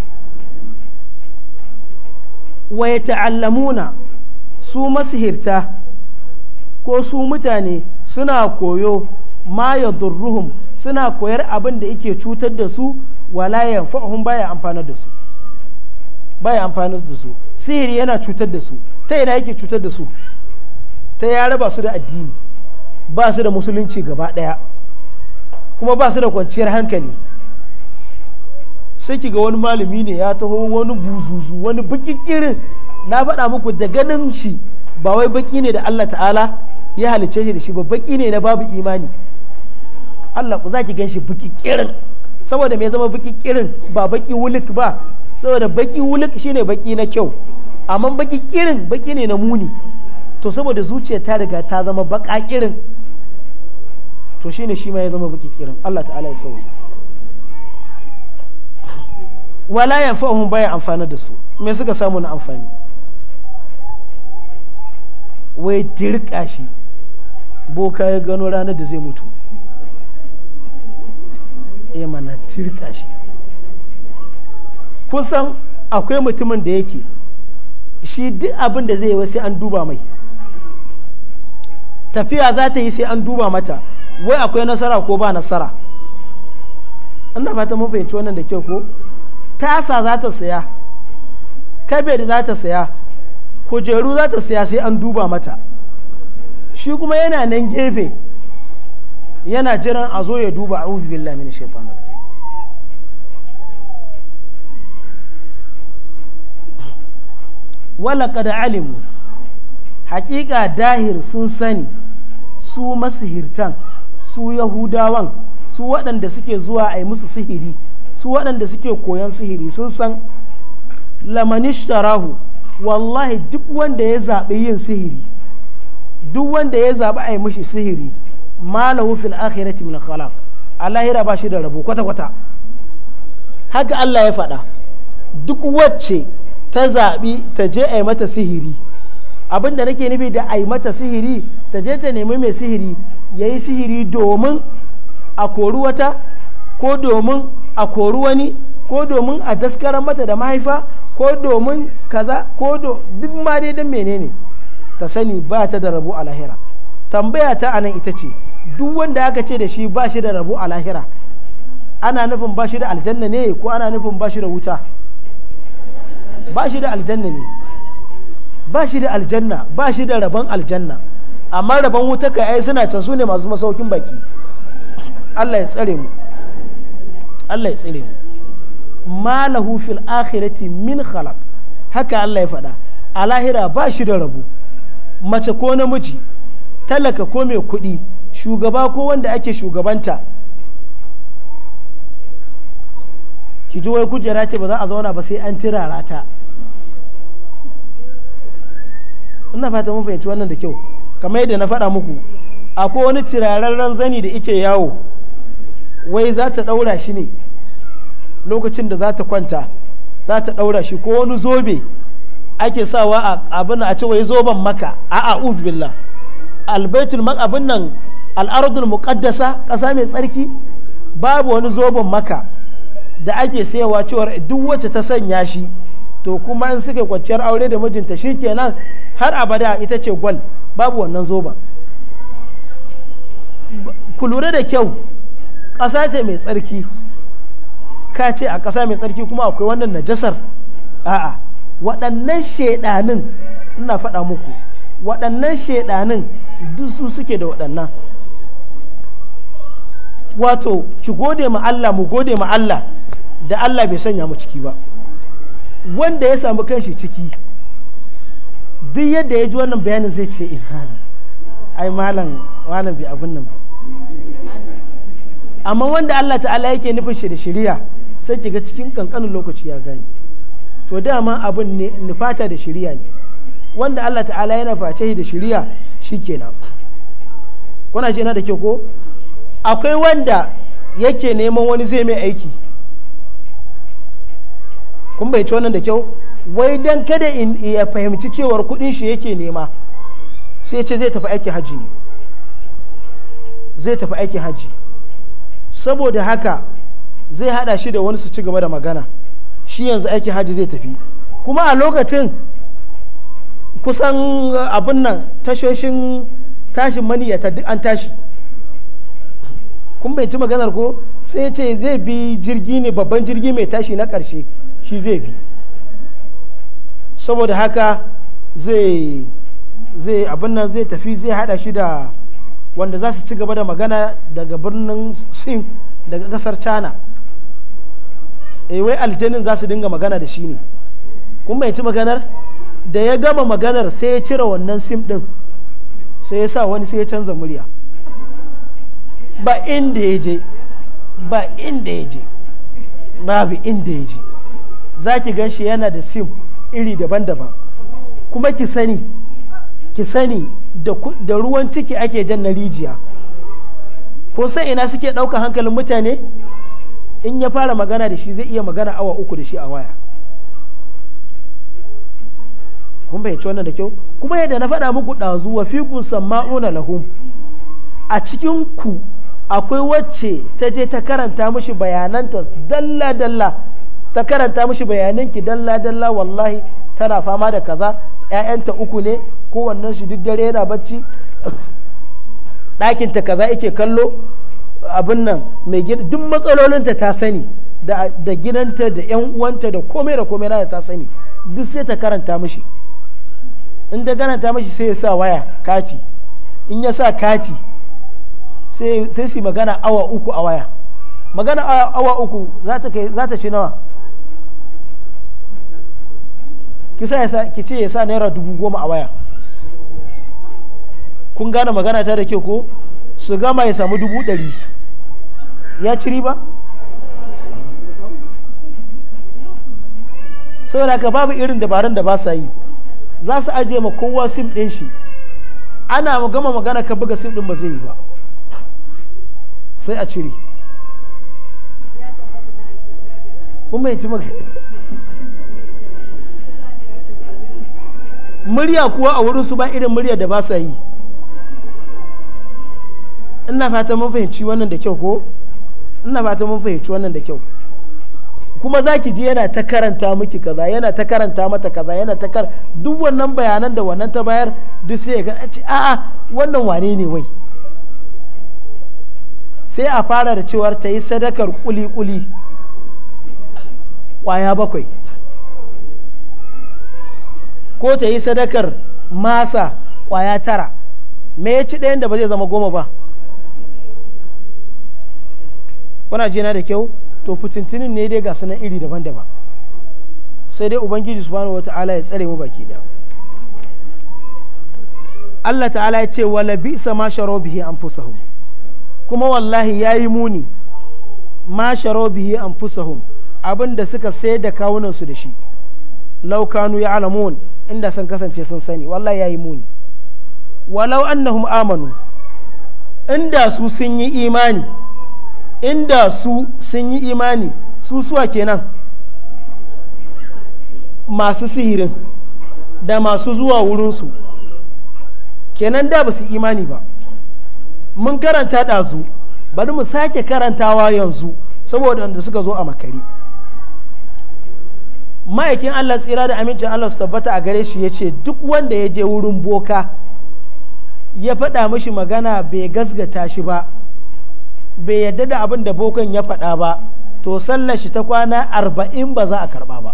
Speaker 1: wa ta'allamuna su masihirta ko su mutane suna koyo ma ya durruhum suna koyar abin da yake cutar da su wala ya fa'ahun baya amfanar da su baya amfanar da su sihiri yana cutar da su ta yana yake cutar da su ta ya raba su da addini ba su da musulunci gaba ɗaya kuma ba su da kwanciyar hankali sai ki ga wani malami ne ya taho wani buzuzu wani bukikirin na faɗa muku da ganin shi ba wai baki ne da Allah ta'ala ya halicce shi da shi ba baki ne na babu imani Allah ku za ki gan shi bakikirin saboda me zama bakikirin ba baki wulik ba saboda baki wulik shine baki na kyau amma baki kirin baki ne na muni to saboda zuciya ta riga ta zama baka kirin to shine shi ma ya zama baki kirin Allah ta'ala ya sauri. wala ya yanfa'uhum baya amfana da su me suka samu na amfani wai dirka shi boka ya gano ranar da zai mutu e mana tirka shi kusan akwai mutumin da yake shi duk abin da zai yi sai an duba mai tafiya za ta yi sai an duba mata wai akwai nasara ko ba nasara ina fata mun fahimci wannan da kyau ko tasa za ta saya kabedi za ta saya kujeru za ta saya sai an duba mata shi kuma yana nan gefe yana jiran a zo ya duba a billahi min shaitanir da alimu haƙiƙa dahir sun sani su masihirtan su yahudawan su waɗanda suke zuwa a yi musu sihiri su waɗanda suke koyan sihiri sun san lamanishtarahu wallahi duk wanda ya zaɓi yin sihiri duk wanda ya zaɓi a yi mushi sihiri malahu fil akhirati min khalaq a lahira ba shi da rabo kwata-kwata haka Allah ya faɗa duk wacce ta zaɓi ta je a yi mata sihiri abin da nake nufi da a yi mata sihiri ta je ta nemi mai sihiri ya yi sihiri domin a kori wata ko domin a kori wani ko domin a daskarar mata da mahaifa ko domin kaza ko do duk ma dai don menene ta sani ba ta da rabu a lahira tambaya ta anan ita ce duk wanda aka ce da shi ba shi da rabu a lahira ana nufin ba shi da aljanna ne ko ana nufin ba shi da wuta ba shi da aljanna ne ba shi da aljanna ba shi da rabon aljanna amma rabon wuta ka ai suna can su ne masu masaukin baki Allah ya tsare mu Allah ya tsare mu ma lahu fil akhirati min khalaq haka Allah ya faɗa a lahira ba shi da rabo mace ko namiji talaka ko mai kuɗi shugaba ko wanda ake shugabanta ki ji wai kujera ce ba za a zauna ba sai an tirara ta ina fata mun fahimci wannan da kyau kamar yadda na faɗa muku akwai wani tirararren zani da ike yawo wai za ta ɗaura shi ne lokacin da za ta kwanta za ta ɗaura shi ko wani zobe ake sawa a abin a ce wai zoben maka a a billah albaitul abin nan al'ardul muqaddasa ƙasa mai tsarki babu wani zoben maka da ake sayawa cewa duk wacce ta sanya shi to kuma in suka kwanciyar aure da mijinta shi kenan har abada ita ce gwal babu wannan zoba ku lura da kyau ƙasa ce mai tsarki ka ce a ƙasa mai tsarki kuma akwai wannan najasar a'a waɗannan shaiɗanin ina faɗa muku waɗannan shaiɗanin duk su suke da waɗannan wato ki gode ma Allah mu gode ma Allah da Allah bai sanya mu ciki ba wanda ya samu kanshi ciki duk yadda ya ji wannan bayanin zai ce ina ai malam malam bi abin nan ba amma wanda Allah ta'ala yake nufin shi da shari'a sai kiga cikin kankanin lokaci ya gani to dama abin ne nufata da shari'a ne wanda Allah ta'ala yana face da shari'a kenan kuna ce na da ke ko akwai wanda yake neman wani zai mai aiki kun bai wannan da kyau wai don kada in ya fahimci cewar kudin shi yake nema sai ce zai tafi aiki hajji ne zai tafi aiki hajji saboda haka zai hada shi da wani su ci gaba da magana shi yanzu aiki hajji zai tafi kuma a lokacin kusan abin nan tashoshin tashin maniyyata duk an tashi kun bai ci maganar ko sai ce zai bi jirgi ne babban jirgi mai tashi na karshe shi zai bi saboda haka zai zai abin nan zai tafi zai hada shi da wanda za su ci gaba da magana daga birnin sin daga kasar china eh, wai aljanin za su dinga magana da shi ne kun bai ci maganar da ya gama maganar sai ya cire wannan sim din sai ya sa wani sai ya canza murya ba inda ya je ba inda ya je babu inda ya je za ki gan shi yana da sim iri daban-daban kuma ki sani ki sani da ruwan ciki ake jan na rijiya ko sai ina suke ɗaukar hankalin mutane in ya fara magana da shi zai iya magana awa uku da shi a waya kun fahimci wannan da kyau kuma yadda na faɗa muku ɗazu wa fi sama'una lahum a cikin ku akwai wacce ta je ta karanta mashi bayananta dalla-dalla ta karanta mishi bayananki dalla-dalla wallahi tana fama da kaza ‘ya'yanta uku ne kowannen shi duk dare yana bacci ɗakinta kaza yake kallo abin nan mai duk matsalolinta ta sani da gidanta da ‘yan uwanta da komai da komai na ta sani duk sai ta karanta mushi in ta karanta mushi sai ya sa waya kati in ya sa kati sai su magana awa uku a waya magana awa uku za ta ci nawa ki ce ya sa naira dubu goma a waya kun gane magana ta da ke ko su gama ya samu dubu ɗari ya ci riba saboda ka babu irin dabarun da ba sa yi za su ajiye ma kowa sim ɗin shi ana gama magana ka buga sim ɗin ba zai yi ba sai a cire kuma ya murya kuwa a wurinsu ba irin murya da ba sa yi ina fata mun fahimci wannan da kyau ko ina fata mun fahimci wannan da kyau kuma za ki ji yana ta karanta miki kaza yana ta karanta mata kaza yana ta kar duk wannan bayanan da wannan ta bayar duk sai ya ga a'a wannan wane ne wai sai a fara da cewar ta yi sadakar kuli-kuli kwaya bakwai ko ta yi sadakar masa kwaya tara me ya ci ɗayan da ba zai zama goma ba kuna jina da kyau to fitintinin ne dai ga nan iri daban-daban sai dai ubangiji subhanahu ta'ala ya tsare mu baki da Allah ta'ala ya ce wala bi sama sharo bihi anfusahum kuma wallahi ya yi muni ma sharo bihi an fusahun abin da suka sai da kawunansu da shi laukanu ya alamun inda sun kasance sun sani wallahi ya yi muni walau annahum amanu inda su sun yi imani inda su sun yi imani su suwa kenan masu sihirin da masu zuwa wurinsu kenan da ba su imani ba mun karanta ɗazu bari mu sake karantawa yanzu saboda wanda suka zo a makare ma'aikin allah tsira da amincin allah su tabbata a gare shi ya ce duk wanda ya je wurin boka ya faɗa mashi magana bai gasgata shi ba bai yadda da abin da bokan ya faɗa ba to shi ta kwana arba'in ba za a karɓa ba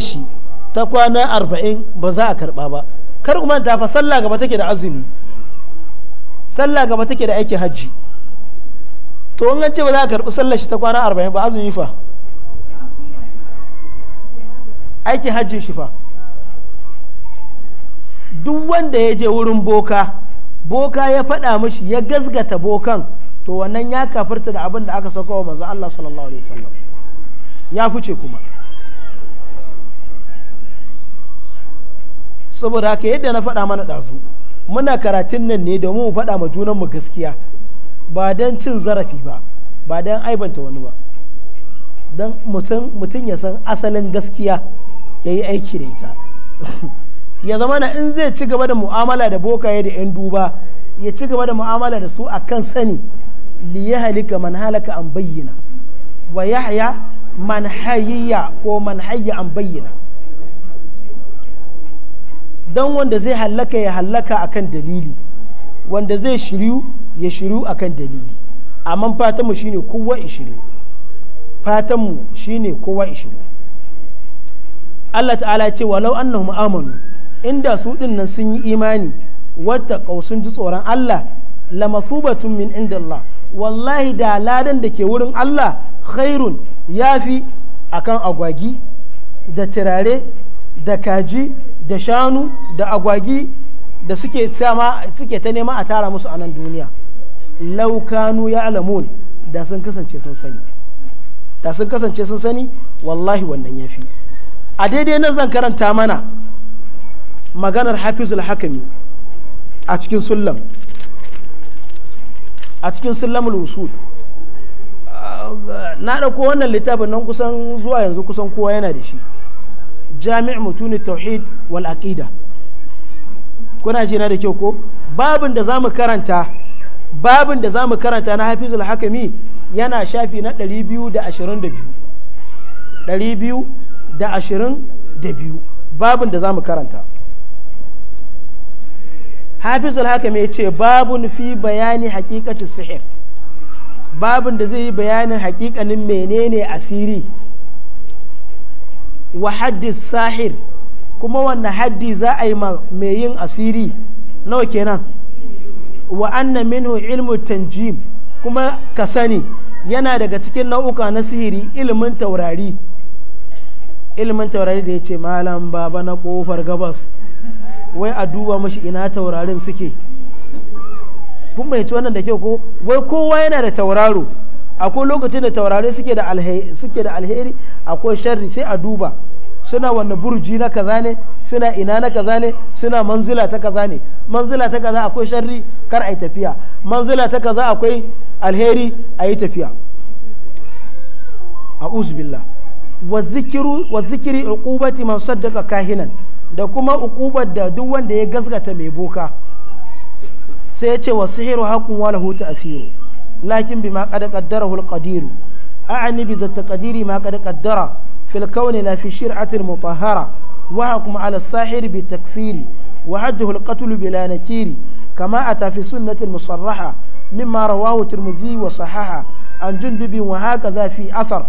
Speaker 1: shi ta kwana arba'in ba za a karɓa ba kar kuma ta fa sallah gaba take da azumi sallah gaba take da aikin hajji to in an ce ba za a karɓi sallar shi ta kwana arba'in ba azumi fa aikin hajjin shi fa duk wanda ya je wurin boka boka ya faɗa mashi ya gazgata bokan to wannan ya kafirta da abin da aka sauka wa manzo Allah sallallahu alaihi wasallam ya fice kuma saboda haka yadda na faɗa mana ɗazu muna karatun nan ne domin mu faɗa ma junan mu gaskiya ba don cin zarafi ba ba don aibanta wani ba don mutum ya san asalin gaskiya ya yi aiki da ita ya zama na in zai ci gaba da mu'amala da bokaye da 'yan duba ya ci gaba da mu'amala da su a kan sani li halika man halaka an bayyana wa yahya man hayayya ko man hayya an bayyana don wanda zai hallaka ya hallaka akan dalili wanda zai shiryu ya shiryu akan dalili amma fatanmu shine kowa ishirin. fatanmu ne kowa Allah ta'ala ya ce walau annahu mu'amalu inda su ɗinnan sun yi imani wata sun ji tsoron Allah lamasubatun min inda Allah wallahi da ladan da ke wurin Allah khairun yafi akan agwagi da tirare. da kaji da shanu da agwagi da suke ta nema a tara musu a nan duniya laukanu ya alamun da sun kasance sun sani da sun kasance sun sani wallahi wannan ya fi a daidai nan zan karanta mana maganar hafizul hakami a cikin sullam a cikin sullamul usul ah, na ɗauko wannan littafin nan kusan zuwa yanzu kusan kowa yana da shi jami'in mutuni tauhid wal aqida kuna jina da kyau ko babin da zamu karanta babin da zamu karanta na hafizul hakami yana shafi na 222 222 babin da zamu karanta hafizul hakami ya ce babun fi bayani hakikati sihir babin da zai yi bayanin hakikanin menene asiri wa haddi sahir kuma wannan haddi za a yi ma mai yin asiri nawa kenan wa anna minhu ilmu tanjim kuma ka sani yana daga cikin nau'uka na sihiri ilimin taurari ilimin taurari da ya ce malam baba na kofar gabas wai a duba mashi ina taurarin suke kun bai wannan da kyau ko wai kowa yana da tauraro akwai lokacin da taurari suke da alheri akwai sharri sai a duba suna wanne burji na kaza ne suna ina na kaza ne suna manzila ta kaza ne manzila ta kaza akwai sharri kar a yi tafiya manzila ta kaza akwai alheri a yi tafiya a uzbillah wa zikiri uqubati man saddaka kahinan da kuma uqubar da duk wanda ya gasgata mai boka sai ya ce wa sihiru hakun wa lahu asiru lakin bima qad qaddarahu al-qadir a'ni bi dhat taqdiri ma qad qaddara fil kawni la fi shir'ati al-mutahhara wa hukum ala sahir bi takfiri wa hadduhu al-qatl bila nakiri kama ata fi sunnati al-musarraha mimma rawahu tirmidhi wa sahaha an jundub wa hakadha fi athar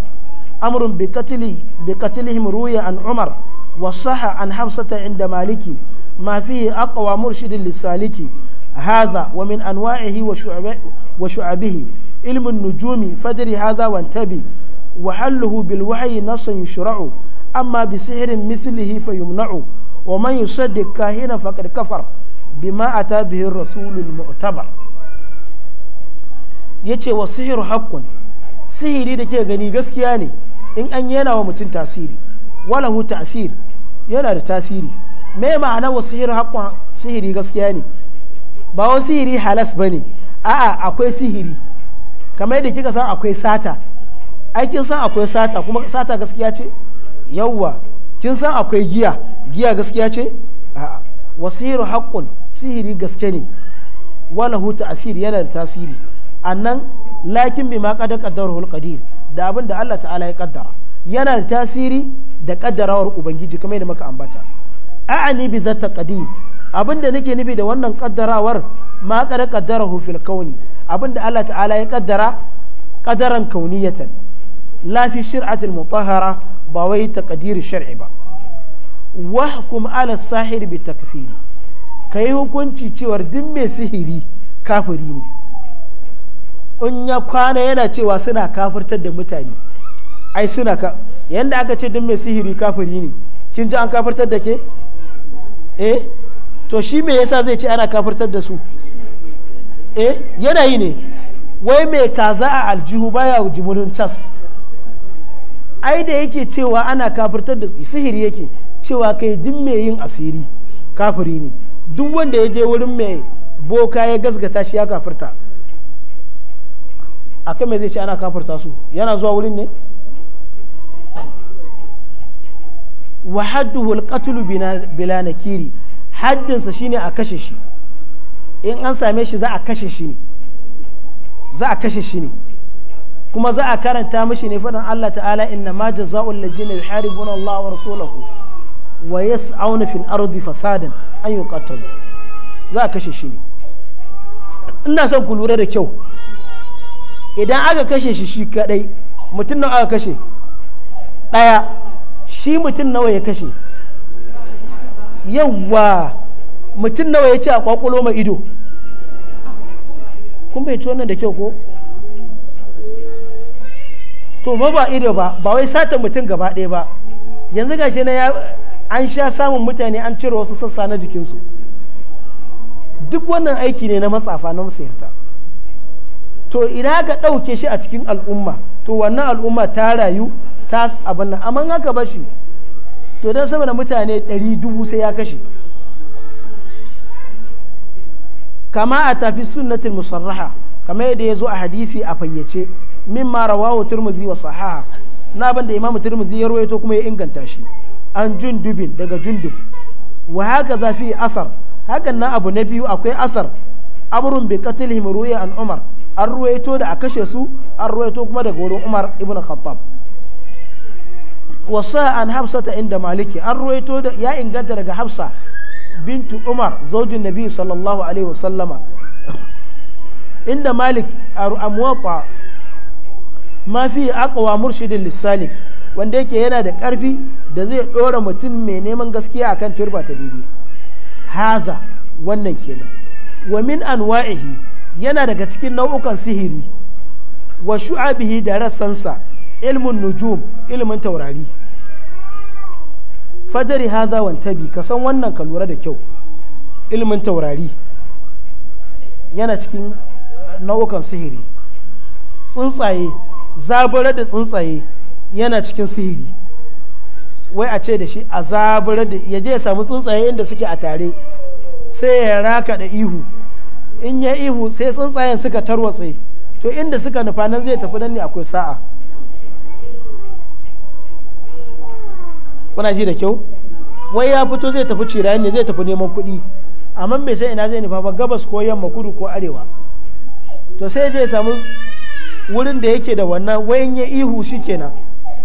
Speaker 1: أمر بقتل بقتلهم an umar عمر وصح عن حفصة عند مالك ما فيه أقوى مرشد للسالك hadha wa min anwa'ihi wa shu'abihi ilmun nujumi fadri haza wa tabi wa halluhu bil wahyi nasan yushra'u amma bi sihrin mithlihi fayumna'u wa man yusaddiq kahina faqad kafar bima ata bihi rasulul mu'tabar yace wa sihru haqqun sihiri da ke gani gaskiya ne in an yana wa mutum tasiri wala hu ta'sir yana da tasiri me ma'ana wa sihru haqqun sihiri gaskiya ne ba wani sihiri halas ba ne a'a akwai sihiri kamar yadda kika san akwai sata aikin san akwai sata kuma sata gaskiya ce yawwa kin san akwai giya giya gaskiya ce a'a wasihiru haƙƙun sihiri gaske ne wala huta asiri yana da tasiri annan lakin bi ma kadar kaddarul qadir da abin da Allah ta'ala ya kaddara yana da tasiri da kaddarawar ubangiji kamar yadda muka ambata a'ani bi zata qadir abin da nake nufi da wannan kaddarawar ma kada kaddara fil kauni abin da Allah ta'ala ya kaddara kadaran kauniyatan la fi shir'atil mutahhara ba wai taqdiri shar'i ba hukum ala sahir bi takfiri kai hukunci cewar duk mai sihiri kafiri ne in ya kwana yana cewa suna kafirtar da mutane ai suna ka yanda aka ce duk mai sihiri kafiri ne kin ji an kafirtar da ke eh to shi me yasa zai ce ana kafirtar da su eh yanayi ne wai mai kaza a aljihu baya jimurin cas ai da yake cewa ana kafirtar da sihiri yake cewa kai duk mai yin asiri kafiri ne duk wanda ya je wurin mai boka ya gasgata shi ya kafirta a kan zai ce ana kafirta su yana zuwa wurin ne wa hadduhu alqatlu bila nakiri haddinsa shine a kashe shi in an same shi za a kashe shi ne za a kashe shi ne kuma za a karanta mashi ne faɗin Allah ta'ala inna ma jaza'ul ladina yuharibuna Allah wa rasulahu wa yas'auna fil ardi fasadan an yuqatalu za a kashe shi ne ina son ku lura da kyau idan aka kashe shi shi kadai mutum nawa aka kashe daya shi mutum nawa ya kashe yawwa mutum nawa ya ce a kwakwalo mai ido kun bai wannan da kyau ko to ma ba ido ba ba wai sata mutum gaba ɗaya ba yanzu shi na ya an sha samun mutane an cire wasu sassa na jikinsu duk wannan aiki ne na matsafa na masayarta to idan aka ɗauke shi a cikin al'umma to wannan al'umma ta rayu ta abin nan amma haka ba shi to don sama da mutane ɗari dubu sai ya kashe kama a tafi sunnatin musarraha kama yadda ya zo a hadisi a fayyace min mara wawo turmuzi wa sahaha na ban da imamu turmuzi ya rawaito kuma ya inganta shi an jundubin daga jundub wa haka zafi asar hakan na abu na biyu akwai asar amrun bi qatlihim ruya an umar an ruwaito da a kashe su an ruwaito kuma daga wurin umar ibn khattab wasu an hafsa ta inda maliki an ruwaito da ya inganta daga hafsa bintu umar zaujin nabi sallallahu alaihi wasallama inda malik a muwatta ma fi aqwa murshidin lissalik wanda yake yana da karfi da zai dora mutum mai neman gaskiya akan turba ta daidai haza wannan kenan wa min anwa'ihi yana daga cikin nau'ukan sihiri wa shu'abihi da rassansa ilmun nujum ilmin taurari fajari haza wantabi ka san wannan ka lura da kyau ilimin taurari yana cikin nau'ukan sihiri tsuntsaye zabarar da tsuntsaye yana cikin sihiri wai a ce da shi a zabarar da ya je ya samu tsuntsaye inda suke a tare sai ya raka da ihu in ya ihu sai tsuntsayen suka tarwatse to inda suka nufa nan zai tafi nan ne akwai sa'a kuna ji da kyau wai ya fito zai tafi cirayen ne zai tafi neman kuɗi amma bai sai ina zai nufa ba gabas ko yamma kudu ko arewa to sai zai samu wurin da yake da wannan in ya ihu shi kenan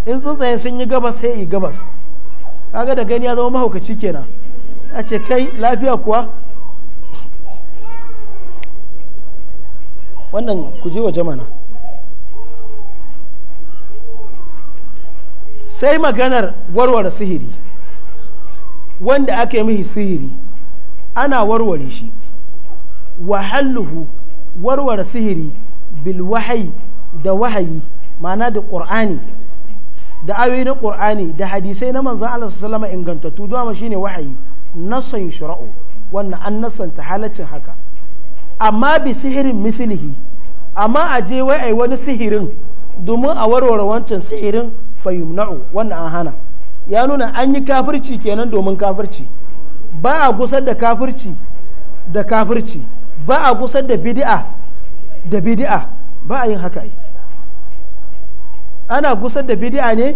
Speaker 1: in tsuntsayen sun yi gabas sai yi gabas kaga da gani ya zama mahaukaci kenan a ce kai lafiya kuwa wannan ku je wa jamana sai maganar warware sihiri wanda ake mihi sihiri ana warware shi wahalluhu warware sihiri bilwahai da wahayi ma'ana da ƙur'ani da ayoyi na ƙur'ani da hadisai na manzan Allah su salama ingantattu dama shine wahayi nasan shura'u wannan an nasanta halaccin haka amma bi sihirin misilihi amma a je wai ai wani sihirin domin a warware wancan sihirin fayumna'u wannan an hana ya nuna an yi kafirci kenan domin kafirci ba a gusar da kafirci da kafirci ba a gusar da bidi'a da bidi'a ba a yin haka yi ana gusar da bidi'a ne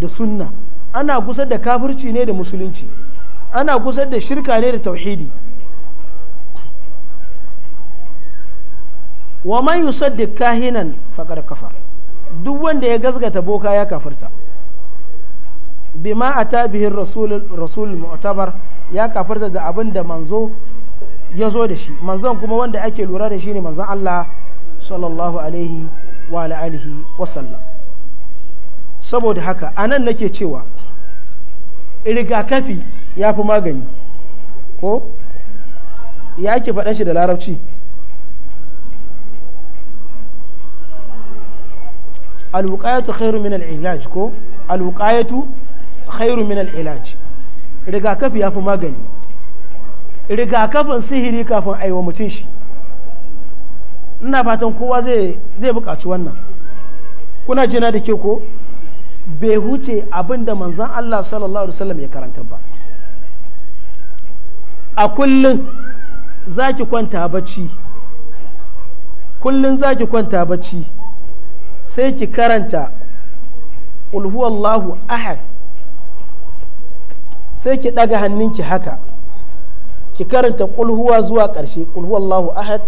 Speaker 1: da sunna ana gusar da kafirci ne da musulunci ana gusar da shirka ne da tauhidi wa man yusaddiq kahinan faqad kafara duk wanda ya gazgata boka ya kafirta bima a tabihin rasulul mu'tabar ya kafirta da abin da manzo ya zo da shi manzon kuma wanda ake lura da shi ne manzon Allah sallallahu alaihi wa alihi sallam saboda haka a nan nake cewa rigakafi ya fi magani ko ya ke faɗan shi da larabci alwukayatu khairu min al'ilaj ko alwukayatu khairu min al rigakafi ya fi magani rigakafin sihiri kafin aiwa mutum shi ina fatan kowa zai bukaci buƙaci wannan kuna jina da ke ko bai huce abin da manzan Allah sallallahu alaihi wasallam ya karanta ba a kullum za ki kwanta bacci kullum za ki kwanta bacci sai ki karanta ulhuwallahu ahad sai ki ɗaga hannunki haka ki karanta ƙulhuwa zuwa ƙarshe ulhuwallahu ahad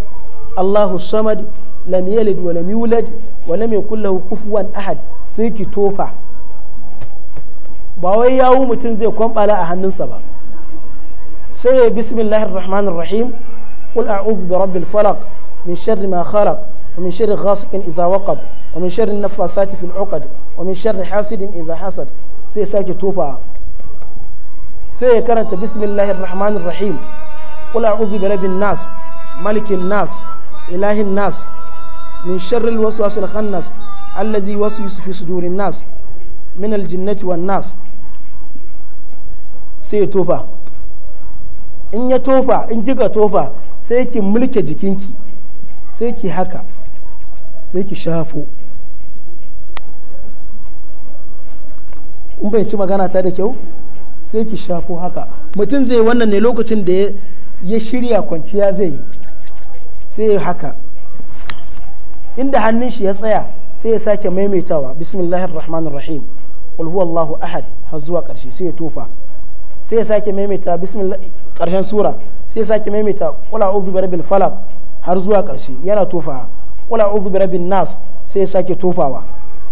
Speaker 1: allahu samad lam yalid wa lam yulad wa lam yakul lahu kufuwan ahad sai ki tofa ba wai yawo mutum zai kwambala a hannunsa ba sai ya bismillahir rahmanir rahim qul a'udhu bi rabbil falaq min sharri ma khalaq ومن شر غاسق إذا وقب ومن شر النفاثات في العقد ومن شر حاسد إذا حسد sai sake tofa sai ya karanta bismillahir rahmanir rahim qul a'udhu bi rabbin nas malikin nas ilahin nas min sharril waswasil khannas alladhi waswisu fi sudurin nas min aljinnati wan nas sai ya tofa in ya tofa in sai ki mulke jikinki sai ki haka sai ki shafo in bai ci magana ta da kyau sai ki shafo haka mutum zai wannan ne lokacin da ya shirya kwanciya zai yi sai ya haka inda hannun shi ya tsaya sai ya sake maimaitawa bismillahir rahmanir rahim qul huwallahu ahad har zuwa karshe sai ya tofa sai ya sake maimaita bismillah karshen sura sai ya sake maimaita qul a'udhu birabbil falaq har zuwa karshe yana tofa wala a'udhu bi nas sai ya sake tofawa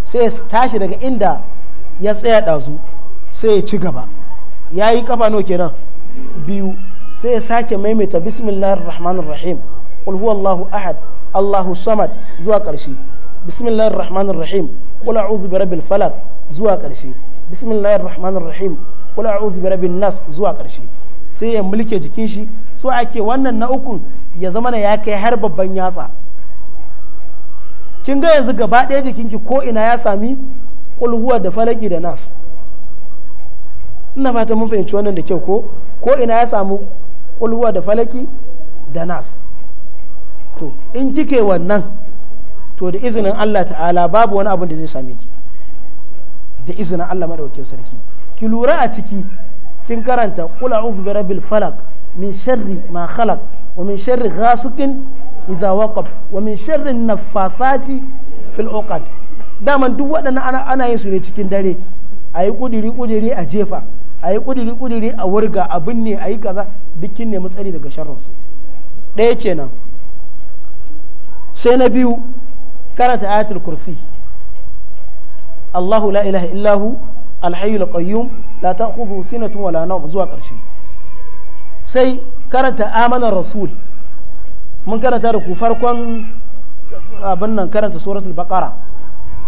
Speaker 1: sai ya tashi daga inda ya tsaya dazu sai ya ci gaba ya yi kafa nawa kenan biyu sai ya sake maimaita bismillahir rahmanir rahim qul huwallahu ahad allahu samad zuwa karshe bismillahir rahmanir rahim qul a'udhu bi rabbil falaq zuwa karshe bismillahir rahmanir rahim qul a'udhu bi rabbin nas zuwa karshe sai ya mulke jikin shi so ake wannan na uku ya zama ya kai har babban yatsa kin ga yanzu gaba ɗaya jikinki ko ina ya sami kulhuwa da falaki da nas ina fata mun fahimci wannan da kyau ko ko ina ya samu kulhuwa da falaki da nas to in kike wannan to da izinin Allah ta'ala babu wani abin da zai same ki da izinin Allah madaukakin sarki ki lura a ciki kin karanta qul a'udhu bi falaq min sharri ma khalaq wa min sharri ghasiqin iza waqab wa min sharrin naffasati fil uqad dama duk waɗannan ana ana yin su ne cikin dare ayi kudiri kudiri a jefa ayi kudiri kudiri a wurga a binne ayi kaza dukkin ne matsari daga sharrin su ɗaya kenan sai na biyu karanta ayatul kursi Allahu la ilaha illahu alhayyul qayyum la ta'khudhu sinatun wala nawm zuwa ƙarshe sai karanta amanar rasul mun karanta da ku farkon abin nan karanta suratul baqara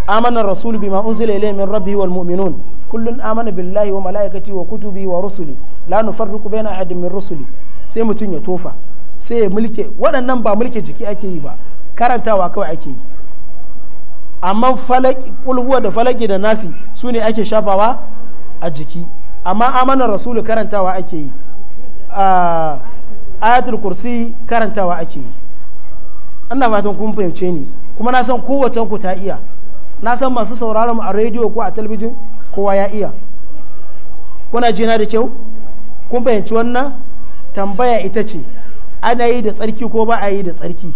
Speaker 1: amana rasul bima unzila ilayhi min rabbihi wal mu'minun kullun amana billahi wa malaikati wa kutubi wa rusuli la nufarriqu baina ahadin min rusuli sai mutun ya tofa sai ya mulke waɗannan ba mulke jiki ake yi ba karantawa kawai ake yi amma falaki kulhuwa da falaki da nasi su ne ake shafawa a jiki amma amana rasulu karantawa ake yi ah, ayatul kursi karantawa ake yi ina fatan kun fahimce ni kuma na san kowace ku ta iya na san masu sauraron a rediyo ko a talabijin kowa ya iya kuna jina da kyau kun fahimci wannan tambaya ita ce ana yi da tsarki ko ba a yi da tsarki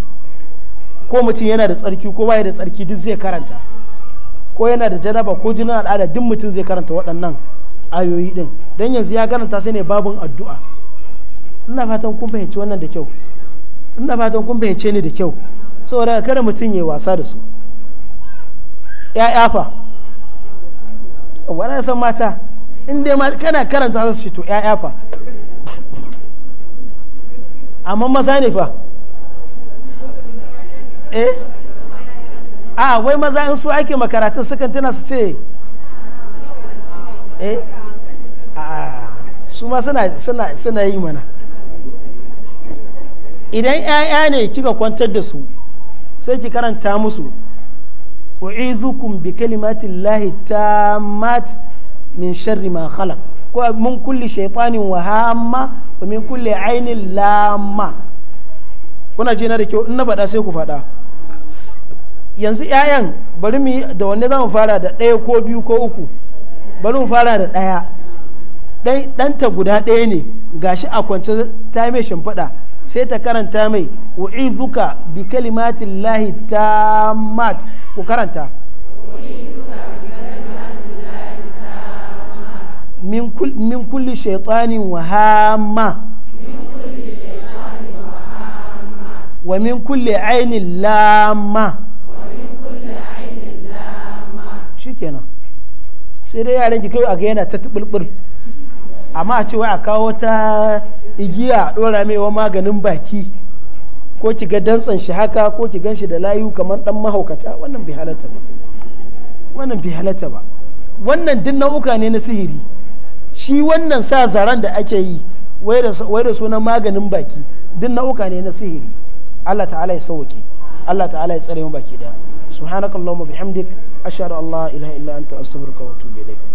Speaker 1: ko mutum yana da tsarki ko ba yi da tsarki duk zai karanta ko yana da janaba ko jinin al'ada duk mutum zai karanta waɗannan ayoyi ɗin don yanzu ya karanta sai ne babin addu'a ina fatan kun fahimci wannan da kyau ina fatan kun fahimce ni da kyau saboda kada mutum ya wasa da su ya fa wani san mata in dai kana karanta su ce to ya fa amma maza ne fa eh a wai maza in su ake makaratun sukan tana su ce eh a su ma suna yi mana idan 'ya'ya ne kika kwantar da su sai ki karanta musu u'izukum bi kalimatin lahi mat min sharri ma khalaq ko mun kulli shaytanin wa hamma wa min kulli ainin lama. kuna jina da kyau in na faɗa sai ku faɗa yanzu 'ya'yan bari mu da wanne za mu fara da ɗaya ko biyu ko uku bari mu fara da ɗaya ɗanta guda ɗaya ne gashi a kwance ta yi mai shimfiɗa sai ta karanta mai u'izuka bi kalimatin lahi mat ku karanta min kulli shaitanin wahama
Speaker 2: wa min kulli
Speaker 1: ainin lama shi kenan sai dai yaran ki kai a ga yana ta tubulbul amma a cewa a kawo ta igiya a ɗora maiwa maganin baki ko ki ga dantsan shi haka ko ki gan shi da layu kamar ɗan mahaukata wannan bai halatta ba wannan bai halatta ba wannan duk nau'uka ne na sihiri shi wannan sa zaren da ake yi wai da sunan maganin baki duk nau'uka ne na sihiri Allah ta'ala ya sauke Allah ta'ala ya tsare mu baki da subhanakallahumma bihamdik ashhadu an la ilaha illa anta astaghfiruka wa atubu ilaik